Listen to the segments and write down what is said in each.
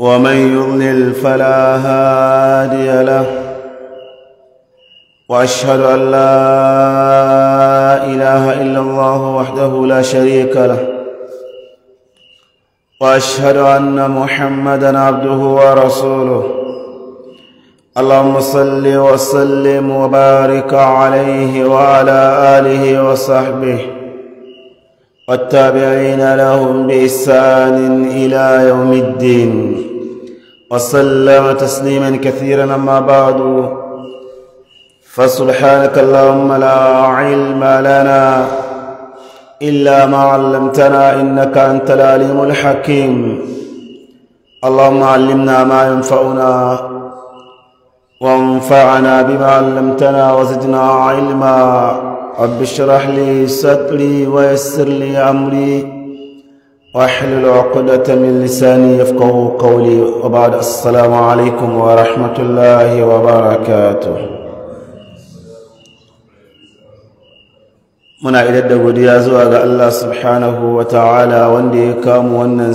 ومن يضلل فلا هادي له واشهد ان لا اله الا الله وحده لا شريك له واشهد ان محمدا عبده ورسوله اللهم صل وسلم وبارك عليه وعلى اله وصحبه والتابعين لهم باحسان الى يوم الدين وسلم تسليما كثيرا أما بعد فسبحانك اللهم لا علم لنا إلا ما علمتنا إنك أنت العليم الحكيم اللهم علمنا ما ينفعنا وانفعنا بما علمتنا وزدنا علما رب اشرح لي صدري ويسر لي أمري واحلل عقدة من لساني يفقه قولي وبعد السلام عليكم ورحمة الله وبركاته منا إذا دقوا ديازوا الله سبحانه وتعالى واندي كام وانا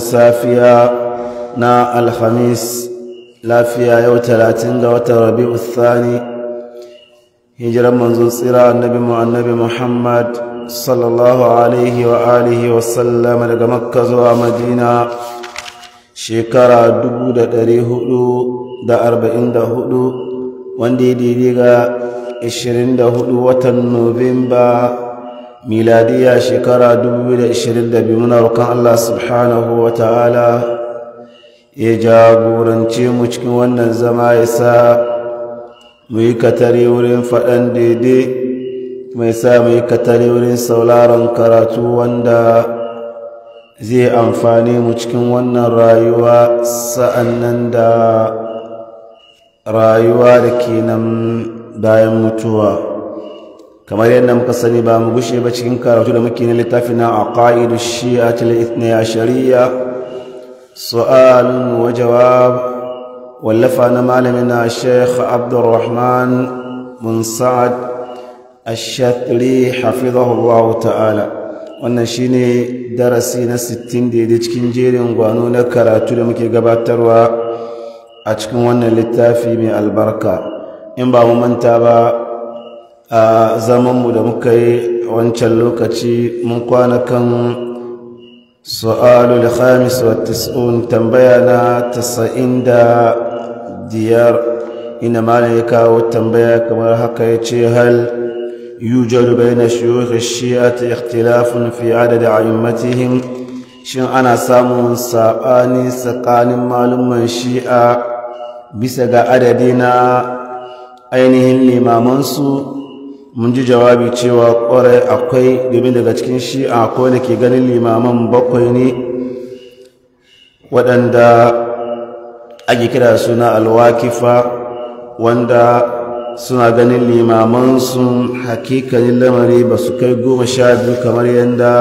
نا الخميس لا فيا يو تلاتين غوات ربيع الثاني هجر منذ صراع النبي مع النبي محمد sallallahu alaihi wa alihi wa sallama daga makka zuwa madina shekara 444 wanda ya daidai ga 24 watan nuwamba miladiya shekara 2022 muna roƙon Allah subhanahu wa ta'ala ya jagorance mu cikin wannan zama ya sa mu yi katare wurin faɗan daidai mai sa mai katare wurin sauraron karatu wanda zai amfani mu cikin wannan rayuwa sa'annan da rayuwa da ke nan bayan mutuwa kamar yadda muka sani ba mu gushe ba cikin karatu da muke na littafi na aqaidu shi'a til ithnay ashariya su'alun wa jawab wallafa na malamin na Sheikh Abdulrahman bin Sa'ad ashatri hafizahullahu ta'ala wannan shine darasi na 60 daidai cikin jerin gwano na karatu da muke gabatarwa a cikin wannan littafi mai albarka in ba mu manta ba a zaman mu da muka yi wancan lokaci mun kwana kan su'alul khamis wa tis'un tambaya na 90 da diyar ina malam ya kawo tambaya kamar haka ya ce hal يوجد بين شيوخ الشيعة da في عدد أئمتهم shin ana samun saɓani tsakanin malaman shi'a bisa ga adadi na ainihin limamansu mun ji jawabi cewa kwarai akwai domin daga cikin shi'a akwai da ke ganin limaman bakwai ne waɗanda ake kira suna alwakifa wanda suna ganin limamansu hakikanin lamari ba su kai goma sha biyu kamar yadda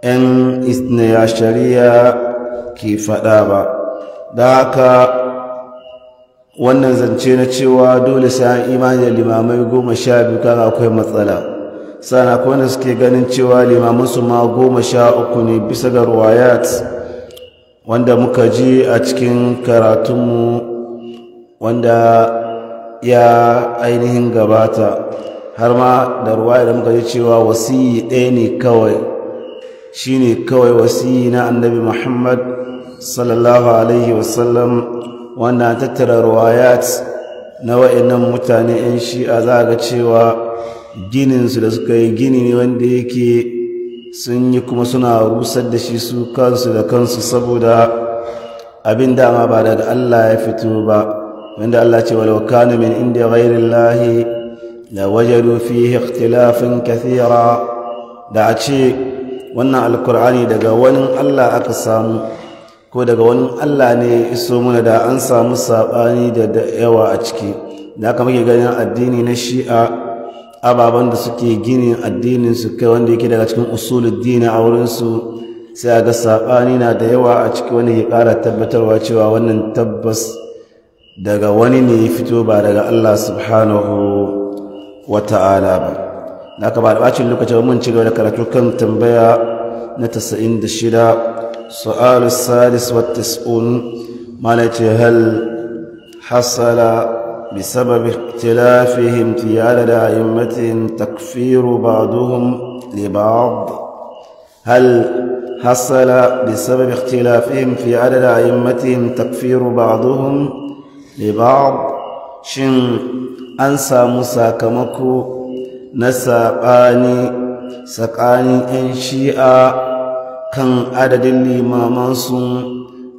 'yan ya shari'a ke faɗa ba da haka wannan zance na cewa dole sai an imani da limamai goma sha biyu kaga akwai matsala sana akwai wanda suke ganin cewa limamansu ma goma sha uku ne bisa ga ruwayat wanda muka ji a cikin karatunmu wanda ya ainihin gabata har ma da ruwa idan muka ji cewa wasiyi ɗaya ne kawai shi ne kawai wasiyi na annabi muhammad sallallahu alaihi wasallam wanda tattara ruwayat na wa'annan mutane 'yan shi'a za ga cewa gininsu da suka yi gini ne wanda yake sun yi kuma suna rusar da shi su kansu da kansu saboda abin dama ba daga allah ya fito ba wanda Allah ce walau kanu min inda ghairillahi la wajadu fihi ikhtilafin kathira da a ce wannan alkur'ani daga wani Allah aka samu ko daga wani Allah ne iso muna da an samu saɓani da yawa a ciki da aka muke ganin addini na shi'a ababen da suke gini addinin su kai wanda yake daga cikin Dina a wurinsu sai a ga saɓani na da yawa a ciki wanda ya ƙara tabbatarwa cewa wannan tabbas daga wani ne fito ba daga Allah subhanahu wa ta'ala ba da aka ba da bacin lokacin mun ci gaba da karatu kan tambaya na 96 su'al salis wa tis'un mana ce hal hasala بسبب اختلافهم في عدد أئمتهم تكفير بعضهم لبعض هل حصل بسبب اختلافهم في عدد أئمتهم تكفير بعضهم libab shin an samu sakamako na saɓani tsakanin 'yan shi'a kan adadin limamansu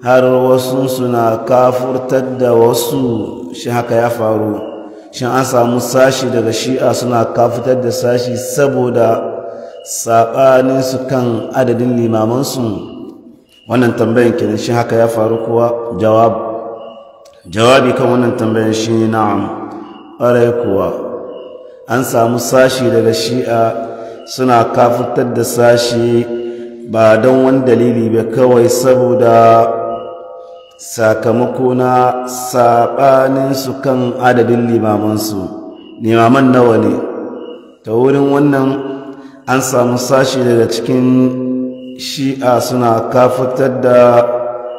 har wasu suna kafurtar da wasu shi haka ya faru shin an samu sashi daga shi'a suna kafurtar da sashi saboda saɓaninsu kan adadin limamansu wannan tambayin kenan shi haka ya faru kuwa jawab jawabi kan wannan tambayan shi ne na'am ƙwarai kuwa an samu sashi daga shi'a suna kafutar da sashi ba don wani dalili ba kawai saboda sakamako na saɓaninsu kan adadin limamansu limaman nawa ne ta wurin wannan an samu sashi daga cikin shi'a suna kafutar da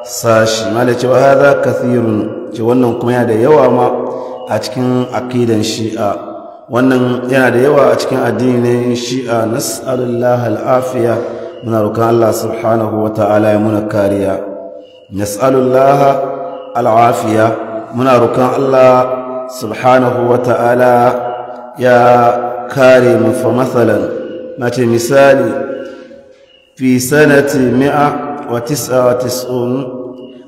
sashi malacewa haza kathirun ce wannan kuma yana da yawa ma a cikin aqidan shi'a wannan yana da yawa a cikin addinin shi'a nas'alullahi al'afiya muna roƙon Allah subhanahu wata'ala ya muna kariya nas'alullahi al'afiya muna roƙon Allah subhanahu wata'ala ya kare mu fa masalan mace misali fi sanati mi'a wa tis'a wa tis'un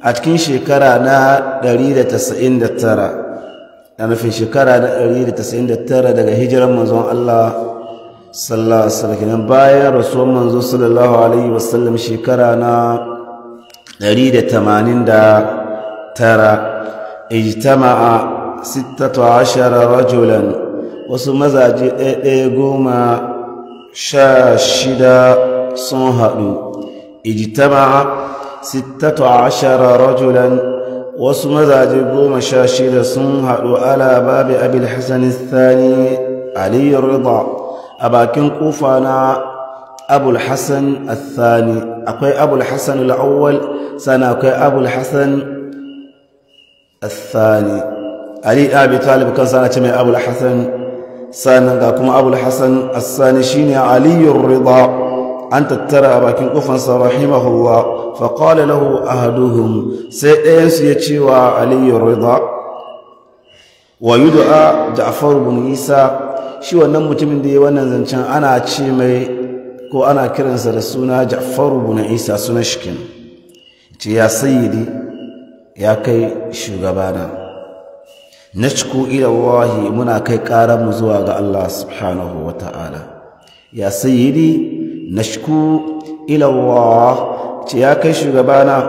a cikin shekara na 199 a nufin shekara na 199 daga hijiran manzon Allah sallallahu alaihi wasallam bayan rasuwar manzo sallallahu alaihi wasallam shekara na 189 ijtama'a 16 rajulan wasu mazaje ɗaya goma sha shida sun haɗu ijtama'a sittatu ashara rajulan wasu mazaje goma sha shida sun haɗu ala babi abil hasan thani ali rida a bakin kufa na abul hasan thani akwai abul hasan al-awwal sana akwai abul hasan الثاني Talib, kan طالب كان سنة من أبو الحسن سنة كما أبو الحسن الثاني شيني علي الرضا an tattara a bakin kufansa rahimahullah fa qala lahu ahaduhum sai ɗayan su ya ce wa aliyu rida wa yud'a ja'far ibn isa shi wannan mutumin da ya wannan zancen ana ce mai ko ana kiransa da suna ja'far ibn isa sunan shikin ce ya sayyidi ya kai shugabana nashku ila wahi muna kai karanmu zuwa ga Allah subhanahu wa ta'ala ya sayyidi nashku ila Allah ce ya kai shugabana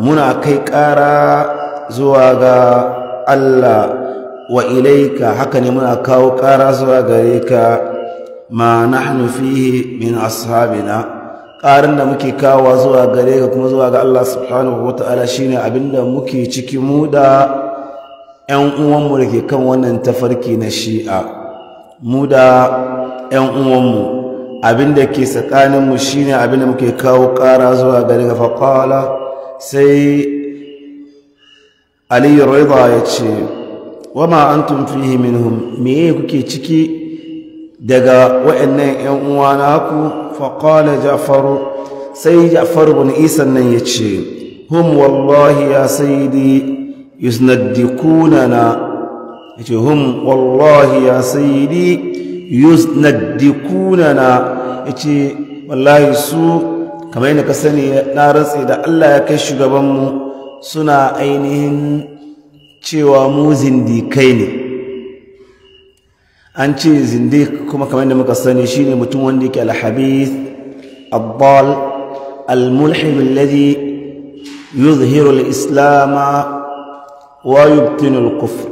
muna kai ƙara zuwa ga Allah wa ilaika haka ne muna kawo ƙara zuwa gare ka ma nahnu fihi min ashabina ƙarin da muke kawo zuwa gare ka kuma zuwa ga Allah subhanahu wata'ala shine abinda muke ciki mu da ƴan uwanmu da ke kan wannan tafarki na shi'a mu 'yan ƴan uwanmu abin da ke tsakaninmu mu shine abin da muke kawo ƙara zuwa gari ga faƙala sai aliyu raiba ya ce ma an tumfihi minhum meye kuke ciki daga wa'annan 'yan uwa na ku faƙala jafaru sai jafaru bin isan nan ya ce هم na na? Ya ce hum, wallahi ya سيدي yusnaddikunana yace wallahi su kamar yadda ka sani na rantsi da Allah ya kai shugabanmu suna ainihin cewa mu zindikai ne an ce zindik kuma kamar yadda muka sani shine mutum wanda yake alhabith abbal almulhib alladhi yuzhiru alislama wa yubtinu alkufr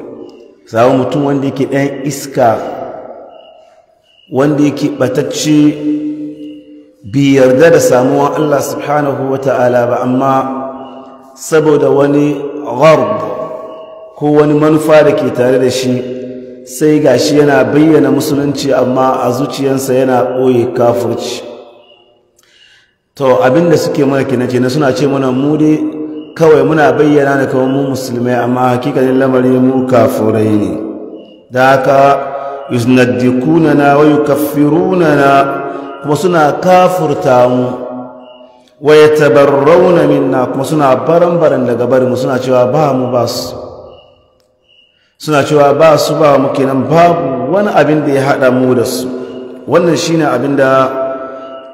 sai mutum wanda yake iska wanda yake batacce bi yarda da samuwa Allah subhanahu wa ta'ala ba amma saboda wani gharb ko wani manufa da ke tare da shi sai gashi yana bayyana musulunci amma a zuciyarsa yana ɓoye kafirci to abinda suke mana kenan ce suna ce mana mu dai kawai muna bayyana da kawai mu musulmai amma hakikanin lamarin mu kafurai ne da haka yusnaddikunana wa yukaffirunana kuma suna kafurta mu wa yatabarrauna minna kuma suna baran-baran daga bari mu suna cewa ba mu ba su suna cewa ba su ba mu kenan babu wani abin da ya haɗa mu da su wannan shine abin da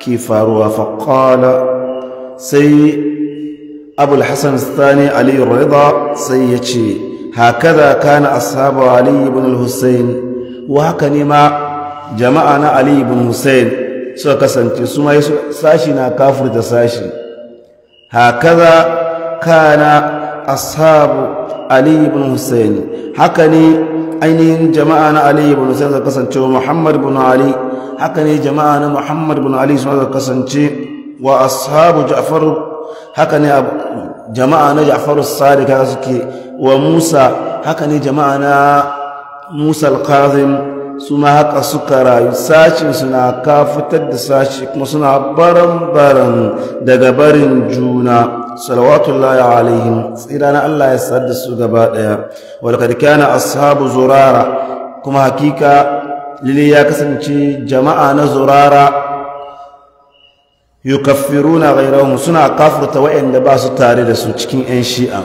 ke faruwa faƙala sai abul Sani stani aliyu rida sai yace ce hakaza kana ashabu aliyu ibn al-hussein wa haka ne ma jama'a na ali ibn hussein suka kasance su mai sashi na da sashi hakaza kana ashabu ali ibn hussein haka ne ainihin jama'a na ali ibn hussein suka kasance muhammad ibn ali haka ne jama'a na muhammad ibn ali suka kasance wa ashabu ja'far haka ne jama'a na ja'far as-sadiq suke wa musa haka ne jama'a na musa alkazim su haka suka rayu sashin suna kafitar da sashi kuma suna baran-baran daga barin juna salawatullahi alaihim tsira na allah ya sadda su gaba daya walakad kana ashabu zurara kuma hakika lili ya kasance jama'a na zurara yukaffiruna ghayrahum suna kafirta wa'anda ba su tare da su cikin 'yan shi'a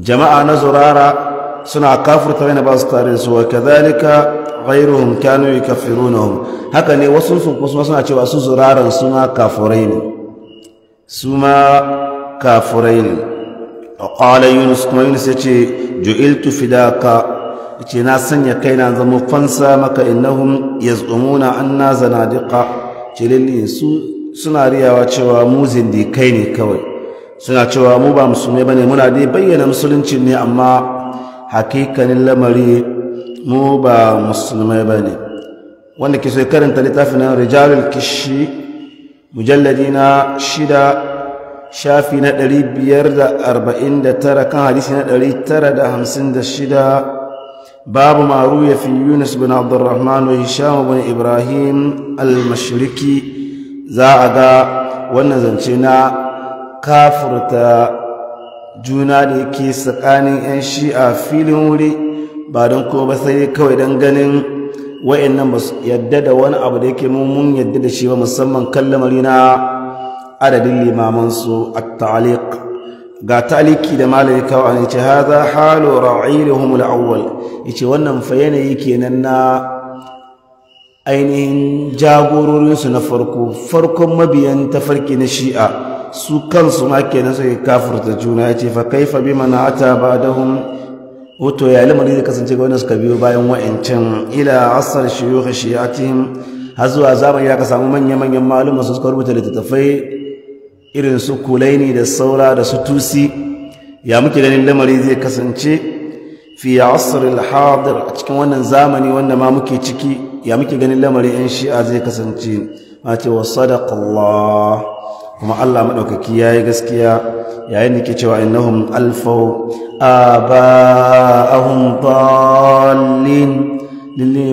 jama'a na zurara suna kafurta wani ba su tare su wa kadhalika ghayruhum kanu yukaffirunahum haka ne wasu sun kuma suna cewa su zuraran su ma kafurai ne su ma kafurai ne qala yunus kuma yunus yace ju'iltu fidaka yace na sanya kaina zama fansa maka innahum yaz'umuna anna zanadiqa ce su suna riyawa cewa mu kai ne kawai suna cewa mu ba musulmai bane muna dai bayyana musulunci ne amma hakikanin lamari mu ba musulmai ba ne wanda ke karanta littafin nan rijalul kishi mujalladi na shida shafi na 549 kan hadisi na 956 babu maru ya fi yunus bin abdurrahman wa hisham bin ibrahim al za a ga wannan zance na kafurta juna da yake tsakanin 'yan shi'a filin wuri ba don ko ba sai kawai don ganin wa'annan ba yadda da wani abu da yake mun yadda da shi ba musamman kan lamari na adadin limamansu a ta'aliq ga ta'aliki da malami kawo an yace hadha halu ra'ilihum al-awwal yace wannan fa yanayi kenan na ainihin jagororinsu na farko farkon mabiyan tafarki na shi'a su kansu ma kenan suke kafurta juna ya ce fa kai fa bi mana ata hun wato ya lamari zai kasance ga wanda suka biyo bayan wa'ancan ila asar shuyukh shi'atihim har zuwa zamani ya ka samu manya manyan malumma su suka rubuta littattafai irin su kulaini da saura da su tusi ya muke ganin lamari zai kasance fi asr asar Alhadar, a cikin wannan zamani wanda ma muke ciki ya muke ganin lamari yan shi'a zai kasance ma ce wa sadaqallah kuma Allah maɗaukaki ya yi gaskiya yayin da ke cewa innahum alfau aba'ahum dallin lille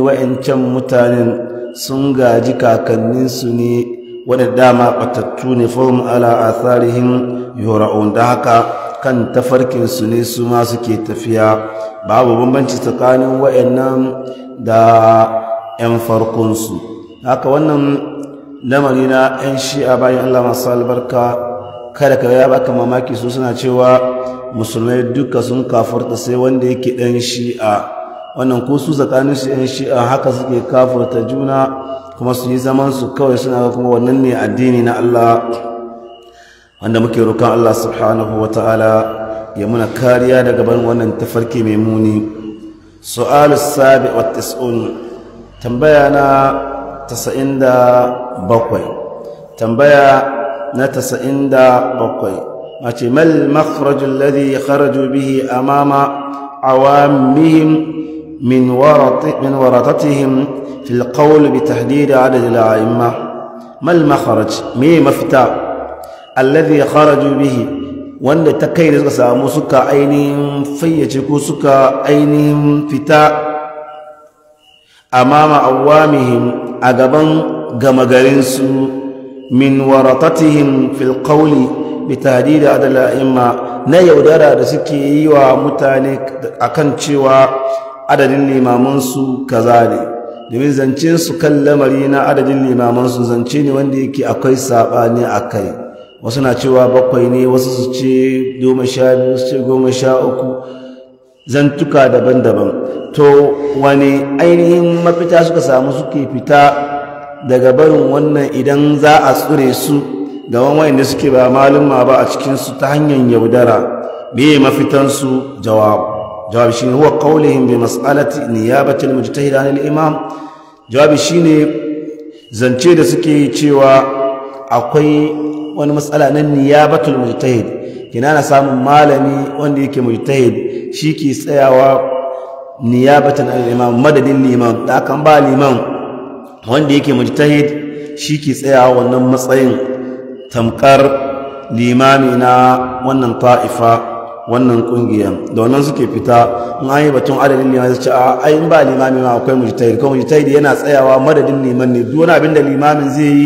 mutanen sun gaji kakanninsu ne wadda dama batattu ne fahim ala atharihim yora'un da haka kan tafarkinsu ne su ma suke tafiya babu bambanci tsakanin wa'annan da 'yan farkonsu haka wannan lamari na 'yan shi'a bayan Allah masu albarka kada ka ya baka mamaki su suna cewa musulmai duka sun kafurta sai wanda yake ɗan shi'a wannan ko su tsakanin su 'yan shi'a haka suke kafurta juna kuma su yi zaman su kawai suna kuma wannan ne addini na Allah wanda muke roƙon Allah subhanahu wa ta'ala ya muna kariya daga ban wannan tafarki mai muni su'alu sabi wa tis'un tambaya na تسعين دا بقوي تنبيا نتسعين دا بقوي ما المخرج الذي خرجوا به أمام عوامهم من ورط من ورطتهم في القول بتحديد عدد الأئمة ما المخرج مي مفتا الذي خرجوا به وأن تكيد سكا أينهم فيجكو سكا أينهم فتاء amama awamihim a gaban gama garinsu min waratatihim fil qawli bi tahdid adala'imma na yaudara da suke yi wa mutane akan cewa adadin limamansu kaza ne domin zance su kan lamari na adadin limamansu zance ne wanda yake akwai saɓani a kai wasu na cewa bakwai ne wasu su ce goma sha biyu su ce goma sha uku zantuka daban-daban to wani ainihin mafita suka samu suke fita daga barin wannan idan za a tsure su ga wanda suke ba malumma ba a cikinsu ta hanyar yaudara me mafitansu jawab jawab shi ne huwa qawlihim bi mas'alati niyabati al-mujtahid an al-imam jawabi shine zance da suke cewa akwai wani matsala na niyabatul mujtahid kina na samun malami wanda yake mujtahid shi ke tsayawa niyabatan al imam madadin liman da kan ba liman wanda yake mujtahid shi ke tsayawa wannan matsayin tamkar limami na wannan ta'ifa wannan kungiya da wannan suke fita in an yi batun adadin liman zai ce a ai ba limami ma akwai mujtahid kuma mujtahid yana tsayawa madadin liman ne duk wani abin da limamin zai yi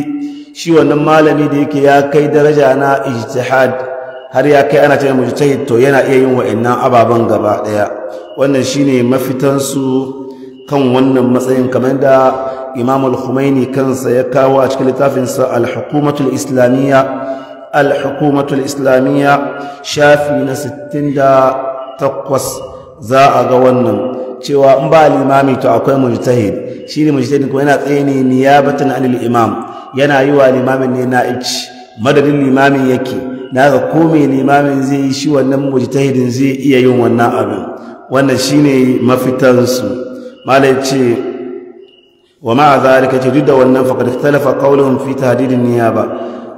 shi wannan malami da yake ya kai daraja na ijtihad har ya kai ana cewa mujtahid to yana iya yin wa'annan ababen gaba daya wannan shine mafitan su kan wannan matsayin kamar da Imam al-Khumaini kansa ya kawo a cikin littafin sa al-Hukumatu al-Islamiyya al-Hukumatu al-Islamiyya shafi na 68 za a ga wannan cewa in ba limami to akwai mujtahid shi ne mujtahid kuma yana tsaye ne niyabatan anil imam yana yi wa limamin ne na'ici madadin limamin yake na ga komai limamin zai yi shi wannan mujtahidin zai iya yin wannan abin wannan shine mafitansu malai ce wa ma'a zalika ce duk da wannan faqad talafa qawluhum fi tahdidin niyaba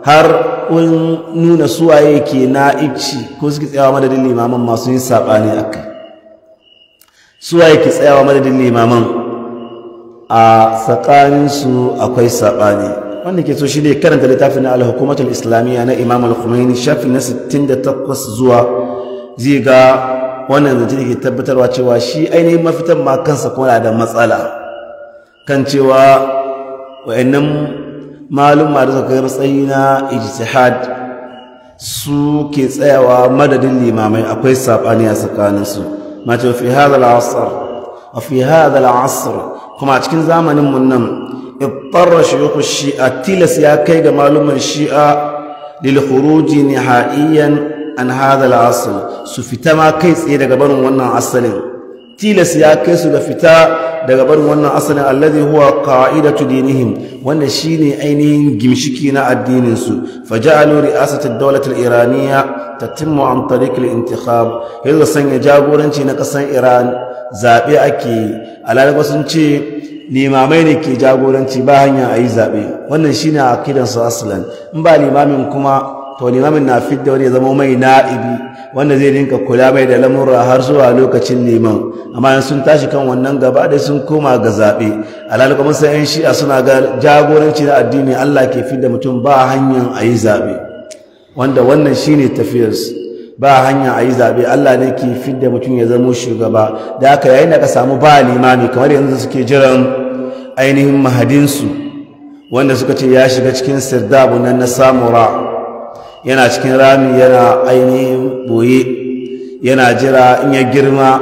har kun nuna suwaye ke na'ibci ko suke tsayawa madadin limaman masu yin sabani kai? suwaye ke tsayawa madadin limaman a tsakaninsu akwai sabani wanda ke so shi ne karanta littafin al-hukumatul islamiyya na imam al-khumaini shafi na 68 zuwa zai ga wannan zance da ke tabbatarwa cewa shi ainihin mafitan ma kansa kuma da matsala kan cewa wa'annan ma da suka matsayi na ijtihad su ke tsayawa madadin limamai akwai sabani a tsakaninsu mace fi hadha wa fi hadha al kuma a cikin zamanin mun nan اضطر شيوخ الشيعة تلس يا كيغ معلوم الشيعة للخروج نهائيا عن هذا العصر سفتا ما كيس إيه دقبان وانا عصر tilas ya kai su da fita daga barin wannan asalin alladhi huwa qa'idatu dinihim wanda shine ainihin ginshiki na addinin su faja'alu ri'asat ad-dawlat iraniya iraniyya tatimmu an tariq da intikhab yanzu sanya jagoranci na kasan Iran zaɓe ake alaka sun ce limamai ne ke jagoranci ba hanya a yi zaɓe wannan shi ne akidansu asalan in ba limamin kuma to limamin na da wani ya zama mai na'ibi wanda zai rinka kula mai da lamurra har zuwa lokacin neman amma in sun tashi kan wannan gaba da sun koma ga zaɓe alhali kuma sai yan shi'a suna ga jagoranci na addini allah ke da mutum ba hanyar a yi zaɓe wanda wannan shi ne tafiyarsu ba hanya a yi zaɓe Allah ne ke da mutum ya zama shugaba da aka yayin da ka samu ba limami kamar yanzu suke jiran ainihin mahadinsu wanda suka ce ya shiga cikin sirdabu nan na samura yana cikin rami yana ainihin boye yana jira in ya girma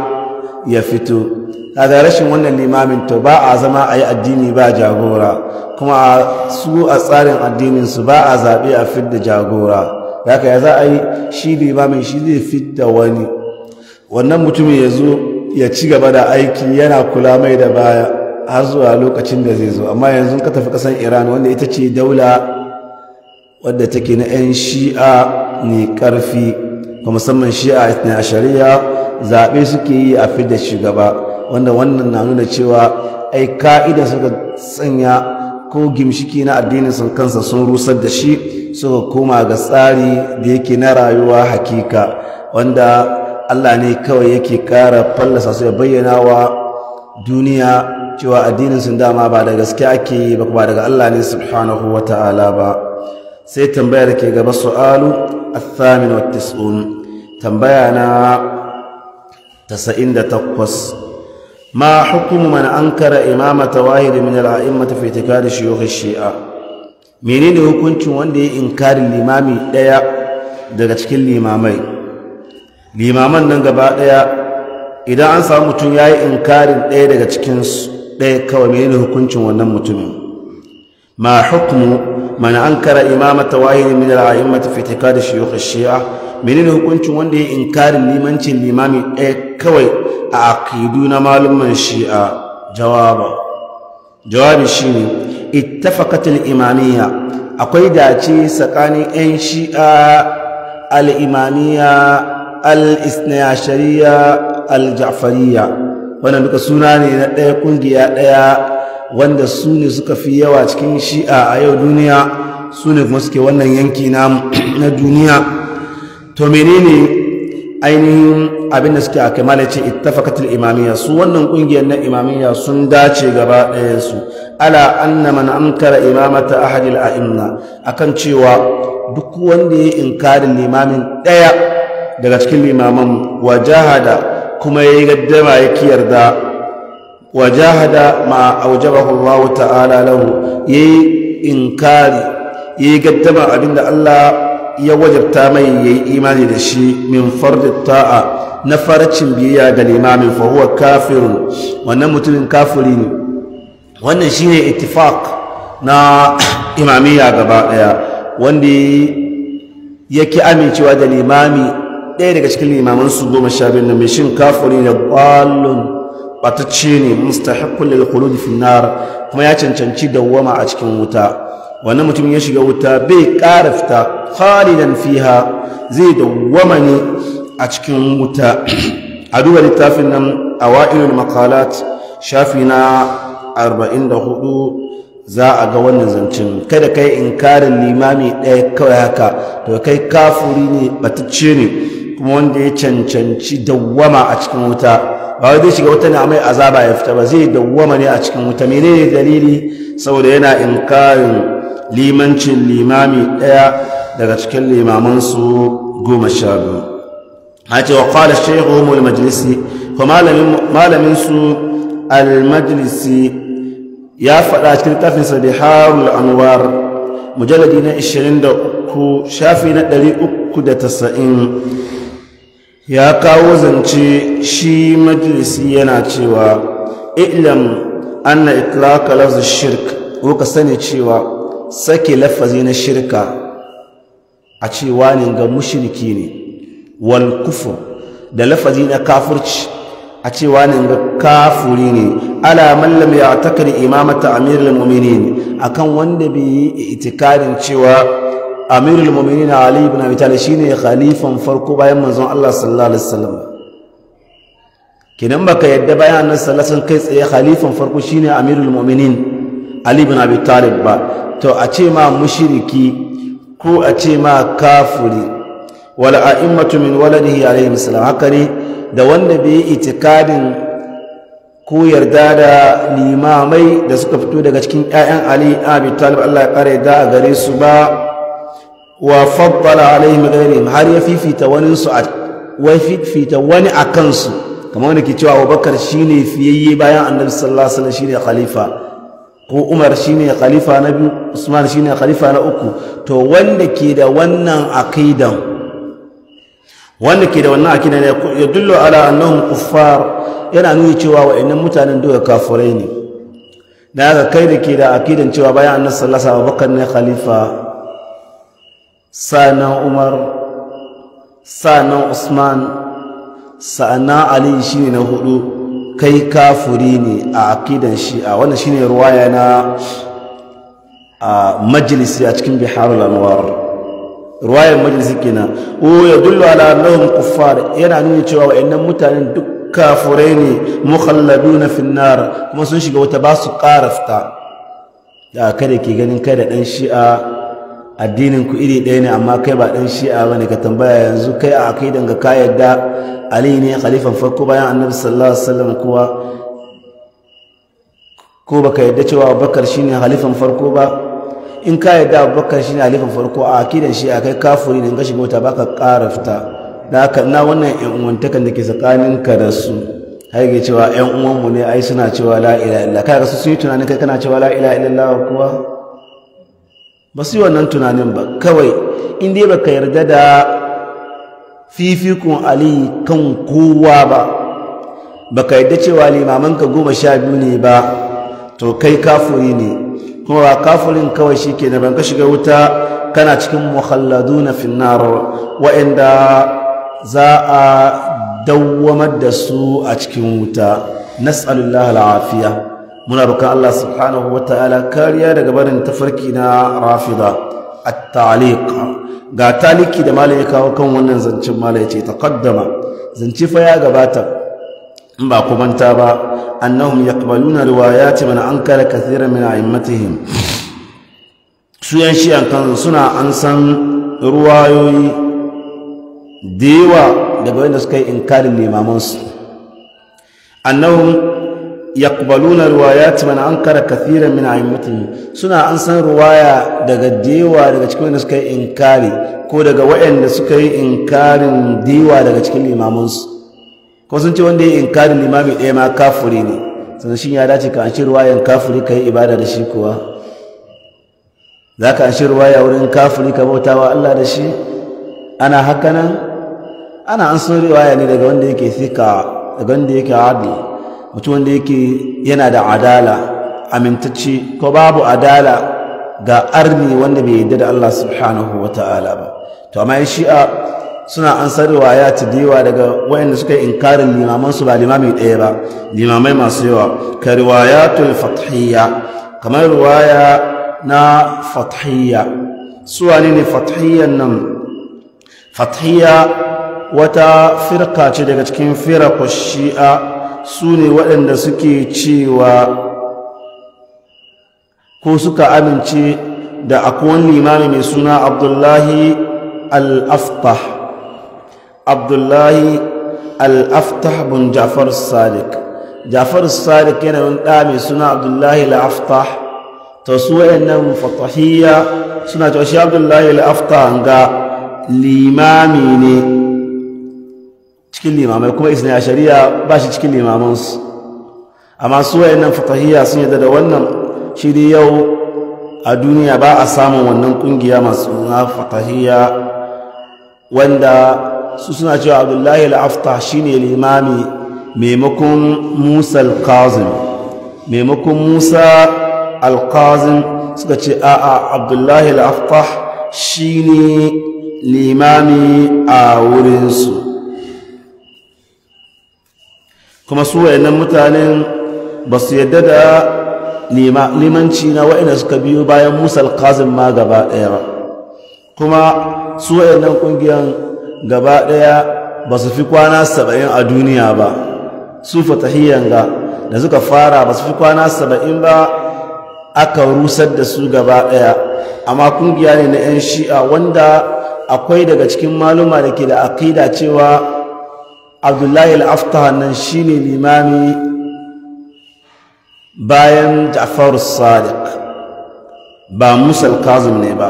ya fito kaga rashin wannan limamin to ba a zama a yi addini ba jagora kuma a su a tsarin addininsu ba a zaɓe a fidda jagora haka ya za a yi shi limamin shi zai fidda wani wannan mutumin ya zo ya ci gaba da aiki yana kula mai da baya har zuwa lokacin da zai zo amma yanzu ka tafi kasan iran wanda ita ce daula wadda take na 'yan shi'a ne karfi ba musamman shi'a ne a shari'a zaɓe suke yi a fi-da shugaba wanda wannan na nuna cewa ai ka'ida suka tsanya ko gimshiki na addinin sun kansa sun rusar da shi suka koma ga tsari da yake na rayuwa hakika wanda allah ne kawai yake ƙara fallasa su ya bayyana wa duniya cewa addinin sun dama ba da gaske ake ba ba daga Allah ne subhanahu wa ta'ala ba sai tambayar ke gaba su'alu al-thamin wa tis'un tambaya na tasa'in da takwas. ma hukumu man ankara imamata wahid min al-a'immati fi itikad shuyukh shia menene hukuncin wanda ya inkarin limami daya daga cikin limamai limaman nan gaba daya idan an samu mutum ya yi inkarin ɗaya daga cikinsu ɗaya kawai menene hukuncin wannan mutumin ma hukmu man ankara imamata wahidin min al-a'immati fi i'tiqad shuyukh ash-shi'a menene hukuncin wanda ya inkarin limancin limami ɗaya kawai a aqidu na malaman shi'a jawaba jawabi shine ittafaqat al-imamiyya akwai dace tsakanin 'yan shi'a al-imamiyya al-isnayashariya al-ja'fariyya wannan duka suna ne na ɗaya ƙungiya ɗaya wanda su ne suka fi yawa cikin shi'a a yau duniya su ne kuma suke wannan yanki na duniya to menene ainihin abin da suke a kamala ce ittafaqatul imamiyya su wannan kungiyar na imamiyya sun dace gaba ɗaya su ala anna man amkara imamata ahadil a'imma akan cewa duk wanda ya inkarin limamin ɗaya daga cikin limaman da. kuma ya yi gaddama ya yarda wa jahada ma aujabahullahu ta'ala lahu yayi inkari yayi gaddama abinda Allah ya wajabta mai yayi imani da shi min fardit ta'a na farcin biyayya ga limamin fa huwa kafirun wannan mutumin kafiri ne wannan shine ittifaq na imamiyya gaba daya wanda yake amincewa da limami ɗaya daga cikin limaman su goma sha biyu na mai shin kafuri da ƙwallon ɓatacce ne mustahiqqun lil khulud fi nar kuma ya cancanci dawwama a cikin wuta wannan mutum ya shiga wuta bai ƙara fita khalidan fiha zai dawwama ne a cikin wuta a duba littafin nan awailul maqalat shafi na 44 za a ga wannan zancen kada kai inkarin limami ɗaya kawai haka to kai kafuri ne batacce ne wanda ya cancanci dawwama a cikin wuta ba wai zai shiga wuta ne mai azaba ya fita ba zai dawwama ne a cikin wuta menene dalili saboda yana inkarin limancin limami ɗaya daga cikin limamansu goma sha biyu a ce wa kwada shehu umar majalisi ko malamin su almajalisi ya faɗa cikin tafinsa da harul anwar mujalladi na 23 shafi na 390 ya kawo zance shi majalisi yana cewa ilam anna itlaka lafzin shirk ko ka sani cewa sake lafazi na shirka a cewa ne ga mushriki ne wal da lafazi na kafirci a cewa ne ga kafuri ne ala man lam ya'takari imamata amirul mu'minin akan wanda bai yi itikarin cewa amirul na ali ibn abi talib shine khalifan farko bayan manzon Allah sallallahu alaihi wasallam kinan baka yadda bayan annabi sallallahu alaihi wasallam kai tsaye khalifan farko shine amirul mu'minin ali ibn abi talib ba to a ce ma mushriki ko a ce ma kafiri wal a'immatu min waladihi alaihi salam haka ne da wanda bai yi itikadin ko yarda da limamai da suka fito daga cikin 'ya'yan ali abi talib allah ya kare da a gare su ba wa faddala alaihim ghairihim har ya fifita wani a wai fifita wani kansu kamar wanda ke cewa Abubakar shine fiyayye bayan Annabi sallallahu alaihi wasallam shine khalifa ko Umar shi shine khalifa na biyu Usman shine khalifa na uku to wanda ke da wannan aqidan wanda ke da wannan aqidan ya dullo ala nan kufar yana nuna cewa wa wa'annan mutanen doka kafirai ne da haka kai da ke da aqidan cewa bayan Annabi sallallahu alaihi Abubakar ne khalifa sa'annan umar sa'annan usman sa'annan ali shine na hudu kai kafuri ne a kidan shi'a wannan shine ruwaya na a majalisi a cikin biharul anwar ruwayar majalisi kenan o ya dullu ala annahum kuffar yana nuna cewa wayannan mutanen duk kafurai ne na finnar kuma sun shiga wata ba su karafta da kada ke ganin kai da dan shi'a addinin ku iri ɗaya ne amma kai ba ɗan shi'a bane ka tambaya yanzu kai a akidan ga ka yadda ali ne khalifan farko bayan annabi sallallahu alaihi wasallam kuwa ko baka yadda cewa abubakar shine khalifan farko ba in ka yadda abubakar shine khalifan farko a akidan shi'a kai kafiri ne ga shiga wuta baka karafta da haka na wannan ƴan uwantakan da ke ka da su har ga cewa ƴan uwanmu ne ai suna cewa la ilaha illallah ga su sun yi tunanin kai kana cewa la ilaha illallah kuwa ba su yi wannan tunanin ba kawai in dai baka yarda da fifikun ali kan kowa ba baka yarda cewa limamanka goma sha biyu ne ba to kai kafuri ne kuma ba kafurin kawai shi ke ban ka shiga wuta kana cikin muhalladu na finnar wa'inda za a dawwamar da su a cikin wuta nas'alullahi al'afiya muna roƙa Allah subhanahu wa ta'ala kariya daga barin tafarki na rafida at-taliq ga taliki da malai ya kawo kan wannan zancen malai ce taqaddama zance fa ya gabata in ba ku manta ba annahum yaqbaluna riwayati man ankara kathiran min a'immatihim su yan shi an kan suna an san ruwayoyi da yawa daga wanda suka yi inkarin limamansu annahum yaqbaluna riwayat man ankara kathiran min a'immatihi suna an san riwaya daga dewa daga cikin wanda suka yi inkari ko daga waɗanda suka yi inkarin dewa daga cikin limamansu ko sun ce wanda ya yi inkarin limami ɗaya ma kafuri ne sannan shi ya dace ka an shi ruwayan kafuri ka yi ibada da shi kuwa za ka an shi ruwaya wurin kafuri ka bauta wa Allah da shi ana haka nan ana an san ruwaya ne daga wanda yake thika daga wanda yake mutum wanda yake yana da adala amintacci ko babu adala ga arni wanda bai yadda da Allah subhanahu wa ta'ala ba to amma shi'a suna ansar ta diwa daga wayanda suka yi inkarin limaman su ba limami ɗaya ba limamai masu yawa ka riwayatul fathiyya kamar riwaya na fathiyya su wani ne fathiyyan nan fathiyya wata firka ce daga cikin firakush shi'a su ne waɗanda suke cewa ko suka amince da akwai limami mai suna abdullahi al afta abdullahi al afta bin jafar sadiq jafar sadiq yana wani ɗa mai suna abdullahi al afta ta su waɗannan fatahiyya suna cewa shi abdullahi al afta ga limami ne cikin limamai kuma isna shari'a ba shi cikin limamansu amma su wayannan fatahiyya sun yadda da wannan shi dai yau a duniya ba a samun wannan kungiya masu na fatahiyya wanda su suna cewa abdullahi al'afta shi ne limami maimakon musa al-kazim maimakon musa al-kazim suka ce a'a abdullahi al'afta shi ne limami a wurinsu kuma su wayannan mutanen ba su yadda da limanci na wa'ina suka biyo bayan musa alkazin ma gaba ɗaya ba kuma su wayannan ƙungiyar gaba ɗaya ba su fi kwana saba'in a duniya ba su fatahiyyan ga da suka fara ba su fi kwana saba'in ba aka rusar da su gaba ɗaya amma ƙungiya ne na 'yan shi'a wanda akwai daga cikin maluma da ke da aƙida cewa abdullahi al'afta nan shi ne limami bayan ja'far sadiq ba musal kazum ne ba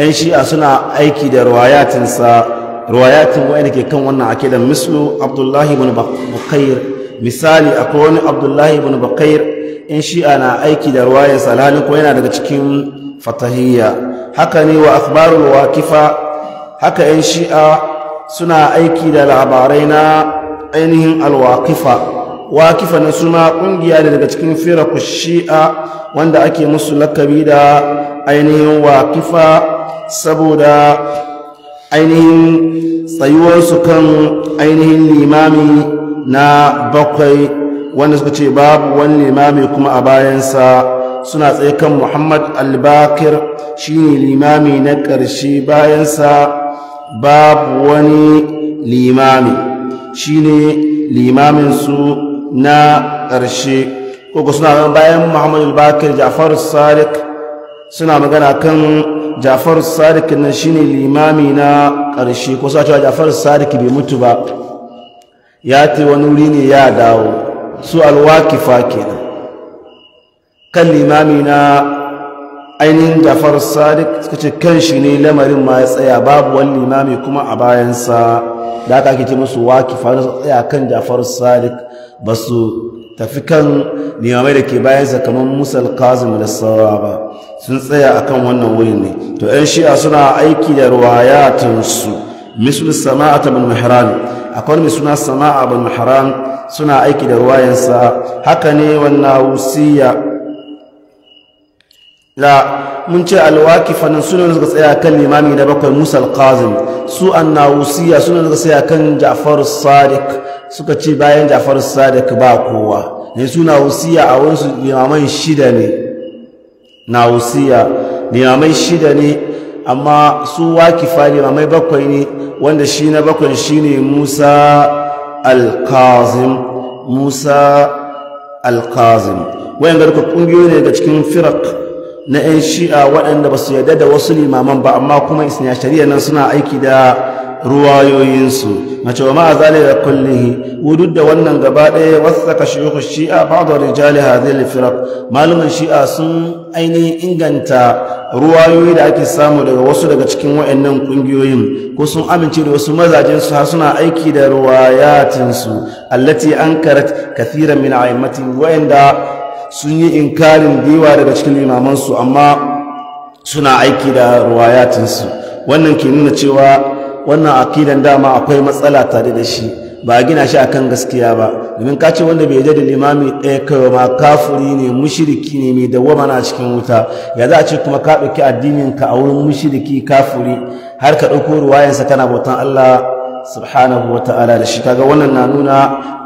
‘yan shi'a suna aiki da ruwayatinsa ruwayatin wa'ina ke kan wannan ake da muslu abdullahi ibn bukair misali akwai wani abdullahi ibn bukair ‘yan shi'a na aiki da ruwayar salani ko yana daga cikin fatahiyya haka ne wa akbarul wakifa haka ‘yan shi'a suna aiki da labarai na ainihin alwaƙifa waƙifa na suna ƙungiya da daga cikin firaku shi'a wanda ake musu lakabi da ainihin waƙifa saboda ainihin tsayuwarsu kan ainihin limami na bakwai wanda suka ce babu wani limami kuma a bayansa suna tsaye kan muhammad albakir shine limami na ƙarshe bayansa babu wani limami shine limamin su na ƙarshe koko suna ganin bayan muhammadu bakir ja'far sadiq suna magana kan ja'far sadiq na shi ne limami na ƙarshe ko suna cewa ja'far sadiq bai mutu ba ya ta wani wuri ne ya dawo su alwaki kenan kan limami na ainihin jafar sadiq suka ce kan shi ne lamarin ma ya tsaya babu wani limami kuma a bayansa da aka ake ce musu waki faru su tsaya kan jafar sadiq ba su tafi kan limamai da ke bayansa kamar musal kazim da sawa ba sun tsaya a kan wannan wurin ne to 'yan shi'a suna aiki da ruwayatinsu misul sama'a ta bin mahram akwai wani suna sama'a bin mahram suna aiki da ruwayansa haka ne wannan wusiya la mun ce alwaki fannin suna suka tsaya kan limami na bakwai musa alkazim su annawusiya suna suka tsaya kan ja'far sadiq suka ce bayan ja'far sadiq ba kowa ne su wusiya a wasu limaman shida ne wusiya limaman shida ne amma su wakifa limamai bakwai ne wanda shi na bakwai shine musa alkazim musa alkazim wayan garka kungiyoyi ne daga cikin firak na 'yan shi'a waɗanda ba su yarda da wasu limaman ba amma kuma isniya shari'a nan suna aiki da ruwayoyinsu mace wa ma'a zalai da kullihi wudud da wannan gaba ɗaya wasu ka shiyukun shi'a ba da rijali hazil firak malumin shi'a sun ainihin inganta ruwayoyi da ake samu daga wasu daga cikin wa'annan ƙungiyoyin ko sun amince da wasu mazajensu har suna aiki da ruwayatinsu allati ankarat kathiran min a'immatin waanda sun yi inkarin giwa daga cikin limamansu amma suna aiki da ruwayatinsu wannan ke nuna cewa wannan akidan dama akwai matsala tare da shi ba a gina shi akan gaskiya ba domin ka ce wanda bai yarda limami ɗaya kawai ma kafuri ne mushiriki ne mai dawwama na cikin wuta ya za a ce kuma ka ɗauki addininka a wurin mushiriki kafuri? har ka ɗauko ruwayansa kana bautan Allah subhanahu wa ta'ala da shi kaga wannan na nuna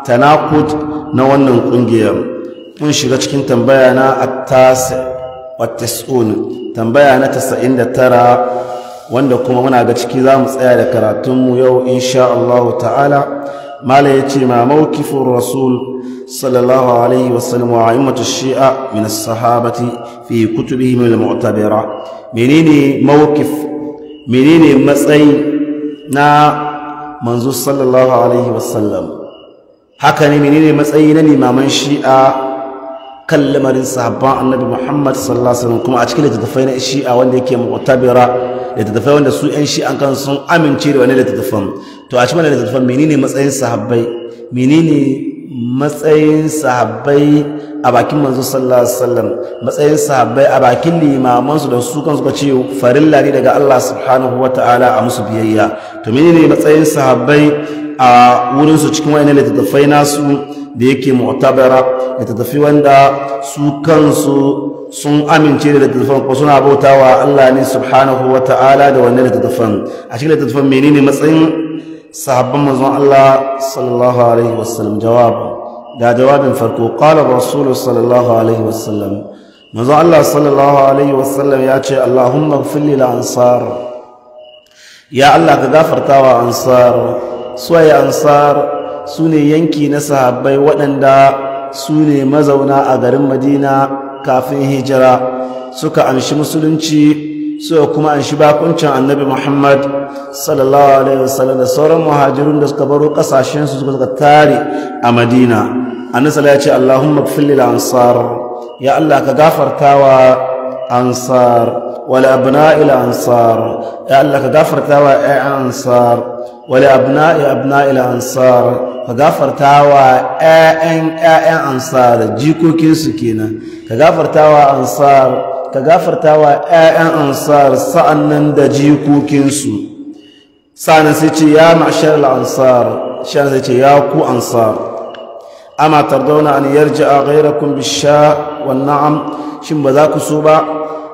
tanakut na wannan ƙungiyar mun shiga cikin tambaya na attasi wattasun tambaya na 99 wanda kuma muna ga ciki za mu tsaya da karatunmu yau insha Allah ta'ala mala ya ce ma mawkifin rasul sallallahu alaihi wa sallam, wa a'immatu shi'a min sahabati fi kutubihim al-mu'tabira menene mawkif menene matsayi na manzo sallallahu alaihi wa sallam? haka ne menene matsayi na limaman shi'a kan lamarin sahabban annabi muhammad sallallahu alaihi wasallam kuma a cikin littattafai na shi'a wanda yake mu'tabira littattafai wanda su yan an kan sun amince da wani littattafan to a cikin littattafan menene matsayin sahabbai menene matsayin sahabbai a bakin manzo sallallahu alaihi wasallam matsayin sahabbai a bakin limaman su da su kansu ka ce farilla ne daga Allah subhanahu wataala a musu biyayya to menene matsayin sahabbai a wurin su cikin wayannan littattafai nasu da yake mu'tabara ta tafi wanda su kansu sun amince da littattafan ko suna bautawa Allah ne subhanahu wa ta'ala da wannan littattafan a cikin littattafan menene matsayin sahabban manzon Allah sallallahu alaihi wasallam jawab da jawabin farko qala rasul sallallahu alaihi wasallam manzon Allah sallallahu alaihi wasallam ya ce Allahumma ighfir lil ansar ya Allah ka gafarta wa ansar suwaye ansar su ne yanki na sahabbai waɗanda su ne mazauna a garin madina kafin hijira suka anshi musulunci suka kuma anshi bakuncin annabi muhammad sallallahu alaihi wasallam da sauran muhajirun da suka baro su suka tare a madina annabi ya ce allahumma fil lil ansar ya allah ka wa ansar wal abna'il ansar ya allah ka gafartawa ai ansar wal abna'i abna'il ansar ka gafarta wa ƴaƴan ƴaƴan ansar jikokinsu kenan ka gafarta wa ansar ka gafarta wa ƴaƴan ansar sa'annan da jikokinsu sa'annan sai ce ya ma'shar al-ansar shan sai ce ya ku ansar ama tardawna an yarja'a ghayrakum bisha wa na'am shin ba za ku so ba